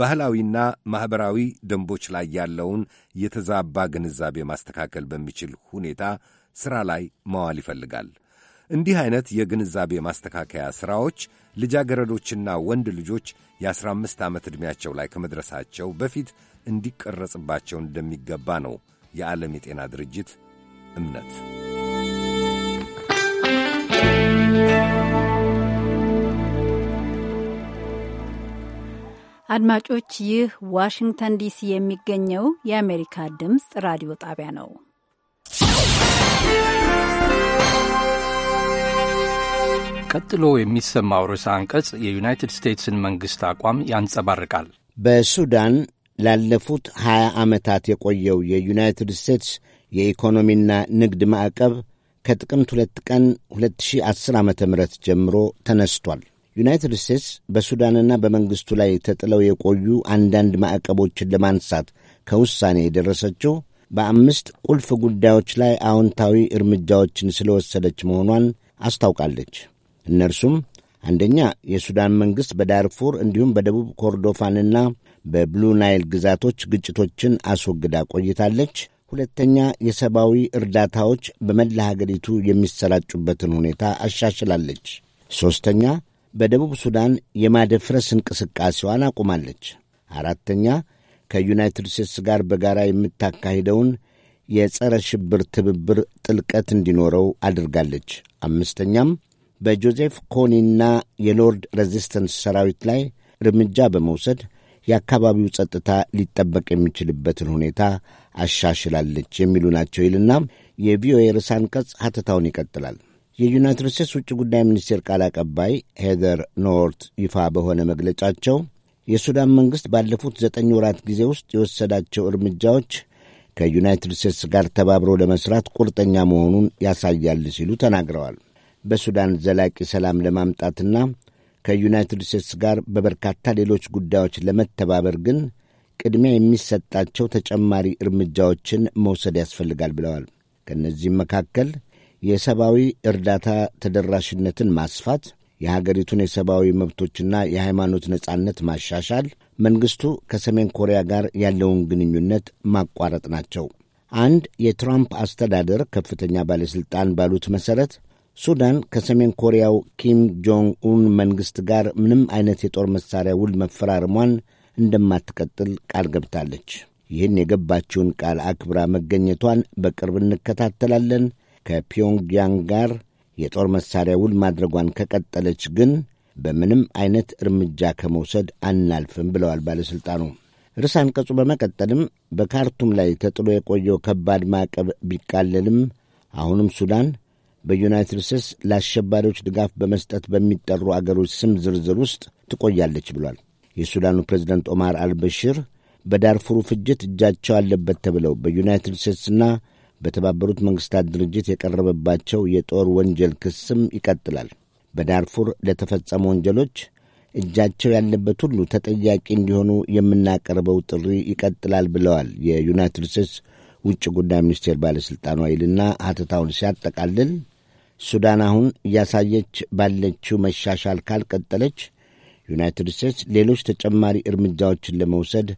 ባህላዊና ማኅበራዊ ደንቦች ላይ ያለውን የተዛባ ግንዛቤ ማስተካከል በሚችል ሁኔታ ሥራ ላይ ማዋል ይፈልጋል። እንዲህ አይነት የግንዛቤ ማስተካከያ ሥራዎች ልጃገረዶችና ወንድ ልጆች የአስራ አምስት ዓመት ዕድሜያቸው ላይ ከመድረሳቸው በፊት እንዲቀረጽባቸው እንደሚገባ ነው የዓለም የጤና ድርጅት እምነት። አድማጮች፣ ይህ ዋሽንግተን ዲሲ የሚገኘው የአሜሪካ ድምፅ ራዲዮ ጣቢያ ነው። ቀጥሎ የሚሰማው ርዕሰ አንቀጽ የዩናይትድ ስቴትስን መንግሥት አቋም ያንጸባርቃል። በሱዳን ላለፉት 20 ዓመታት የቆየው የዩናይትድ ስቴትስ የኢኮኖሚና ንግድ ማዕቀብ ከጥቅምት 2 ቀን 2010 ዓ ም ጀምሮ ተነስቷል። ዩናይትድ ስቴትስ በሱዳንና በመንግሥቱ ላይ ተጥለው የቆዩ አንዳንድ ማዕቀቦችን ለማንሳት ከውሳኔ የደረሰችው በአምስት ቁልፍ ጉዳዮች ላይ አዎንታዊ እርምጃዎችን ስለወሰደች መሆኗን አስታውቃለች። እነርሱም አንደኛ የሱዳን መንግሥት በዳርፉር እንዲሁም በደቡብ ኮርዶፋንና በብሉ ናይል ግዛቶች ግጭቶችን አስወግዳ ቆይታለች። ሁለተኛ የሰብአዊ እርዳታዎች በመላ አገሪቱ የሚሰራጩበትን ሁኔታ አሻሽላለች። ሦስተኛ በደቡብ ሱዳን የማደፍረስ እንቅስቃሴዋን አቁማለች። አራተኛ ከዩናይትድ ስቴትስ ጋር በጋራ የምታካሂደውን የጸረ ሽብር ትብብር ጥልቀት እንዲኖረው አድርጋለች። አምስተኛም በጆዜፍ ኮኒና የሎርድ ሬዚስተንስ ሰራዊት ላይ እርምጃ በመውሰድ የአካባቢው ጸጥታ ሊጠበቅ የሚችልበትን ሁኔታ አሻሽላለች የሚሉ ናቸው ይልና የቪኦኤ ርዕሰ አንቀጽ ሐተታውን ይቀጥላል። የዩናይትድ ስቴትስ ውጭ ጉዳይ ሚኒስቴር ቃል አቀባይ ሄደር ኖርት ይፋ በሆነ መግለጫቸው የሱዳን መንግሥት ባለፉት ዘጠኝ ወራት ጊዜ ውስጥ የወሰዳቸው እርምጃዎች ከዩናይትድ ስቴትስ ጋር ተባብሮ ለመስራት ቁርጠኛ መሆኑን ያሳያል ሲሉ ተናግረዋል። በሱዳን ዘላቂ ሰላም ለማምጣትና ከዩናይትድ ስቴትስ ጋር በበርካታ ሌሎች ጉዳዮች ለመተባበር ግን ቅድሚያ የሚሰጣቸው ተጨማሪ እርምጃዎችን መውሰድ ያስፈልጋል ብለዋል። ከእነዚህም መካከል የሰብአዊ እርዳታ ተደራሽነትን ማስፋት፣ የሀገሪቱን የሰብአዊ መብቶችና የሃይማኖት ነጻነት ማሻሻል፣ መንግሥቱ ከሰሜን ኮሪያ ጋር ያለውን ግንኙነት ማቋረጥ ናቸው። አንድ የትራምፕ አስተዳደር ከፍተኛ ባለሥልጣን ባሉት መሠረት ሱዳን ከሰሜን ኮሪያው ኪም ጆንግ ኡን መንግሥት ጋር ምንም አይነት የጦር መሣሪያ ውል መፈራረሟን እንደማትቀጥል ቃል ገብታለች። ይህን የገባችውን ቃል አክብራ መገኘቷን በቅርብ እንከታተላለን። ከፒዮንግያንግ ጋር የጦር መሣሪያ ውል ማድረጓን ከቀጠለች ግን በምንም አይነት እርምጃ ከመውሰድ አናልፍም ብለዋል ባለሥልጣኑ። ርዕሰ አንቀጹ በመቀጠልም በካርቱም ላይ ተጥሎ የቆየው ከባድ ማዕቀብ ቢቃለልም አሁንም ሱዳን በዩናይትድ ስቴትስ ለአሸባሪዎች ድጋፍ በመስጠት በሚጠሩ አገሮች ስም ዝርዝር ውስጥ ትቆያለች ብሏል። የሱዳኑ ፕሬዝደንት ኦማር አልበሽር በዳርፉሩ ፍጅት እጃቸው አለበት ተብለው በዩናይትድ ስቴትስና በተባበሩት መንግሥታት ድርጅት የቀረበባቸው የጦር ወንጀል ክስም ይቀጥላል። በዳርፉር ለተፈጸሙ ወንጀሎች እጃቸው ያለበት ሁሉ ተጠያቂ እንዲሆኑ የምናቀርበው ጥሪ ይቀጥላል ብለዋል የዩናይትድ ስቴትስ ውጭ ጉዳይ ሚኒስቴር ባለሥልጣኗ ይልና ሀተታውን ሲያጠቃልል ሱዳን አሁን እያሳየች ባለችው መሻሻል ካልቀጠለች ዩናይትድ ስቴትስ ሌሎች ተጨማሪ እርምጃዎችን ለመውሰድ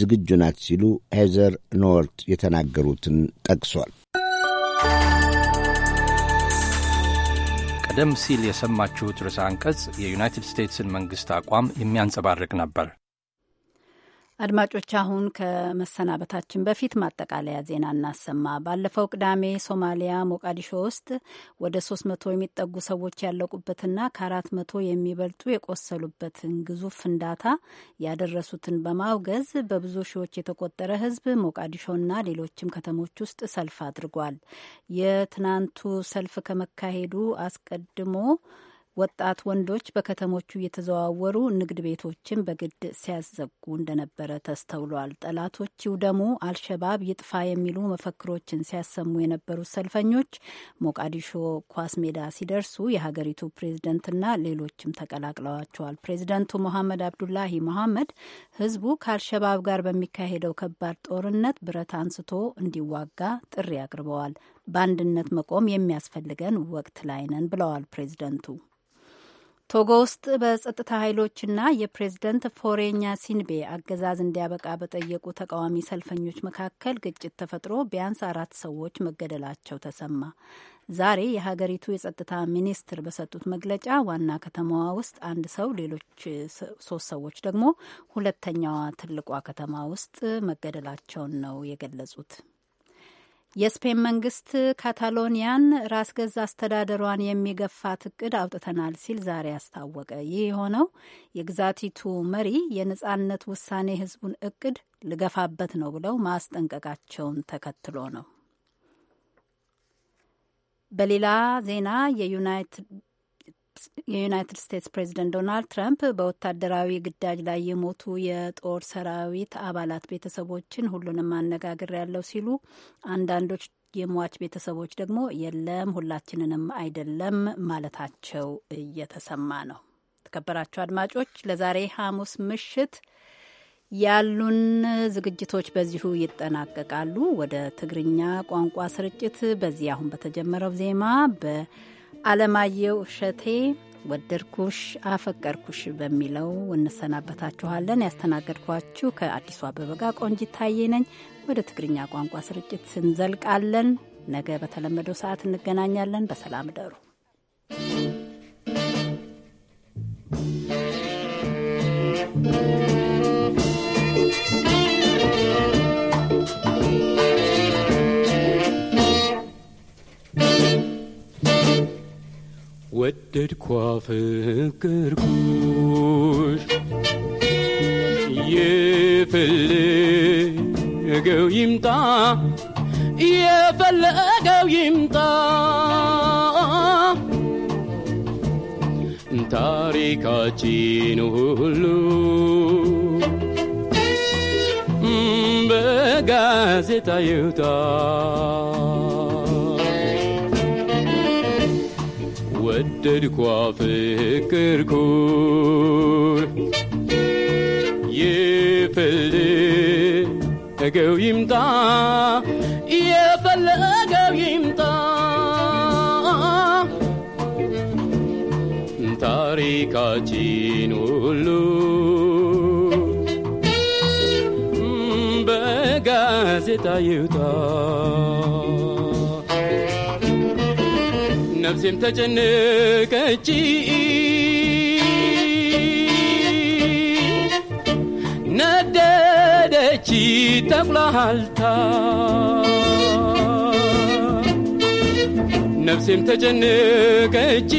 ዝግጁ ናት ሲሉ ሄዘር ኖርት የተናገሩትን ጠቅሷል። ቀደም ሲል የሰማችሁት ርዕሰ አንቀጽ የዩናይትድ ስቴትስን መንግሥት አቋም የሚያንጸባርቅ ነበር። አድማጮች አሁን ከመሰናበታችን በፊት ማጠቃለያ ዜና እናሰማ። ባለፈው ቅዳሜ ሶማሊያ ሞቃዲሾ ውስጥ ወደ ሶስት መቶ የሚጠጉ ሰዎች ያለቁበትና ከአራት መቶ የሚበልጡ የቆሰሉበትን ግዙፍ ፍንዳታ ያደረሱትን በማውገዝ በብዙ ሺዎች የተቆጠረ ሕዝብ ሞቃዲሾና ሌሎችም ከተሞች ውስጥ ሰልፍ አድርጓል። የትናንቱ ሰልፍ ከመካሄዱ አስቀድሞ ወጣት ወንዶች በከተሞቹ እየተዘዋወሩ ንግድ ቤቶችን በግድ ሲያዘጉ እንደነበረ ተስተውሏል። ጠላቶች ይውደሙ፣ አልሸባብ ይጥፋ የሚሉ መፈክሮችን ሲያሰሙ የነበሩት ሰልፈኞች ሞቃዲሾ ኳስ ሜዳ ሲደርሱ የሀገሪቱ ፕሬዝደንትና ሌሎችም ተቀላቅለዋቸዋል። ፕሬዝደንቱ መሐመድ አብዱላሂ መሐመድ ህዝቡ ከአልሸባብ ጋር በሚካሄደው ከባድ ጦርነት ብረት አንስቶ እንዲዋጋ ጥሪ አቅርበዋል። በአንድነት መቆም የሚያስፈልገን ወቅት ላይ ነን ብለዋል ፕሬዝደንቱ። ቶጎ ውስጥ በጸጥታ ኃይሎችና የፕሬዝደንት ፎሬኛ ሲንቤ አገዛዝ እንዲያበቃ በጠየቁ ተቃዋሚ ሰልፈኞች መካከል ግጭት ተፈጥሮ ቢያንስ አራት ሰዎች መገደላቸው ተሰማ። ዛሬ የሀገሪቱ የጸጥታ ሚኒስትር በሰጡት መግለጫ ዋና ከተማዋ ውስጥ አንድ ሰው፣ ሌሎች ሶስት ሰዎች ደግሞ ሁለተኛዋ ትልቋ ከተማ ውስጥ መገደላቸውን ነው የገለጹት። የስፔን መንግስት ካታሎኒያን ራስ ገዝ አስተዳደሯን የሚገፋት እቅድ አውጥተናል ሲል ዛሬ አስታወቀ። ይህ የሆነው የግዛቲቱ መሪ የነጻነት ውሳኔ ህዝቡን እቅድ ልገፋበት ነው ብለው ማስጠንቀቃቸውን ተከትሎ ነው። በሌላ ዜና የዩናይትድ የዩናይትድ ስቴትስ ፕሬዚደንት ዶናልድ ትራምፕ በወታደራዊ ግዳጅ ላይ የሞቱ የጦር ሰራዊት አባላት ቤተሰቦችን ሁሉንም አነጋግር ያለው ሲሉ አንዳንዶች የሟች ቤተሰቦች ደግሞ የለም ሁላችንንም አይደለም ማለታቸው እየተሰማ ነው። የተከበራቸው አድማጮች ለዛሬ ሐሙስ ምሽት ያሉን ዝግጅቶች በዚሁ ይጠናቀቃሉ። ወደ ትግርኛ ቋንቋ ስርጭት በዚህ አሁን በተጀመረው ዜማ በ አለማየሁ እሸቴ ወደድኩሽ አፈቀርኩሽ በሚለው እንሰናበታችኋለን። ያስተናገድኳችሁ ከአዲሱ አበበ ጋር ቆንጂት ታዬ ነኝ። ወደ ትግርኛ ቋንቋ ስርጭት እንዘልቃለን። ነገ በተለመደው ሰዓት እንገናኛለን። በሰላም ደሩ ወደድኳ ፍቅርኩሽ የፈለገው ይምጣ የፈለገው ይምጣ ታሪካችን ሁሉ በጋዜጣ ይውጣ ወደድኳ አፈቀርኩህ የፈለገው ይምጣ የፈለገው ይምጣ ታሪካችን ሁሉ በጋዜጣ ይውጣ ጊዜም ተጨነቀች ነደደች ተቁላልታ ነፍሴም ተጨነቀች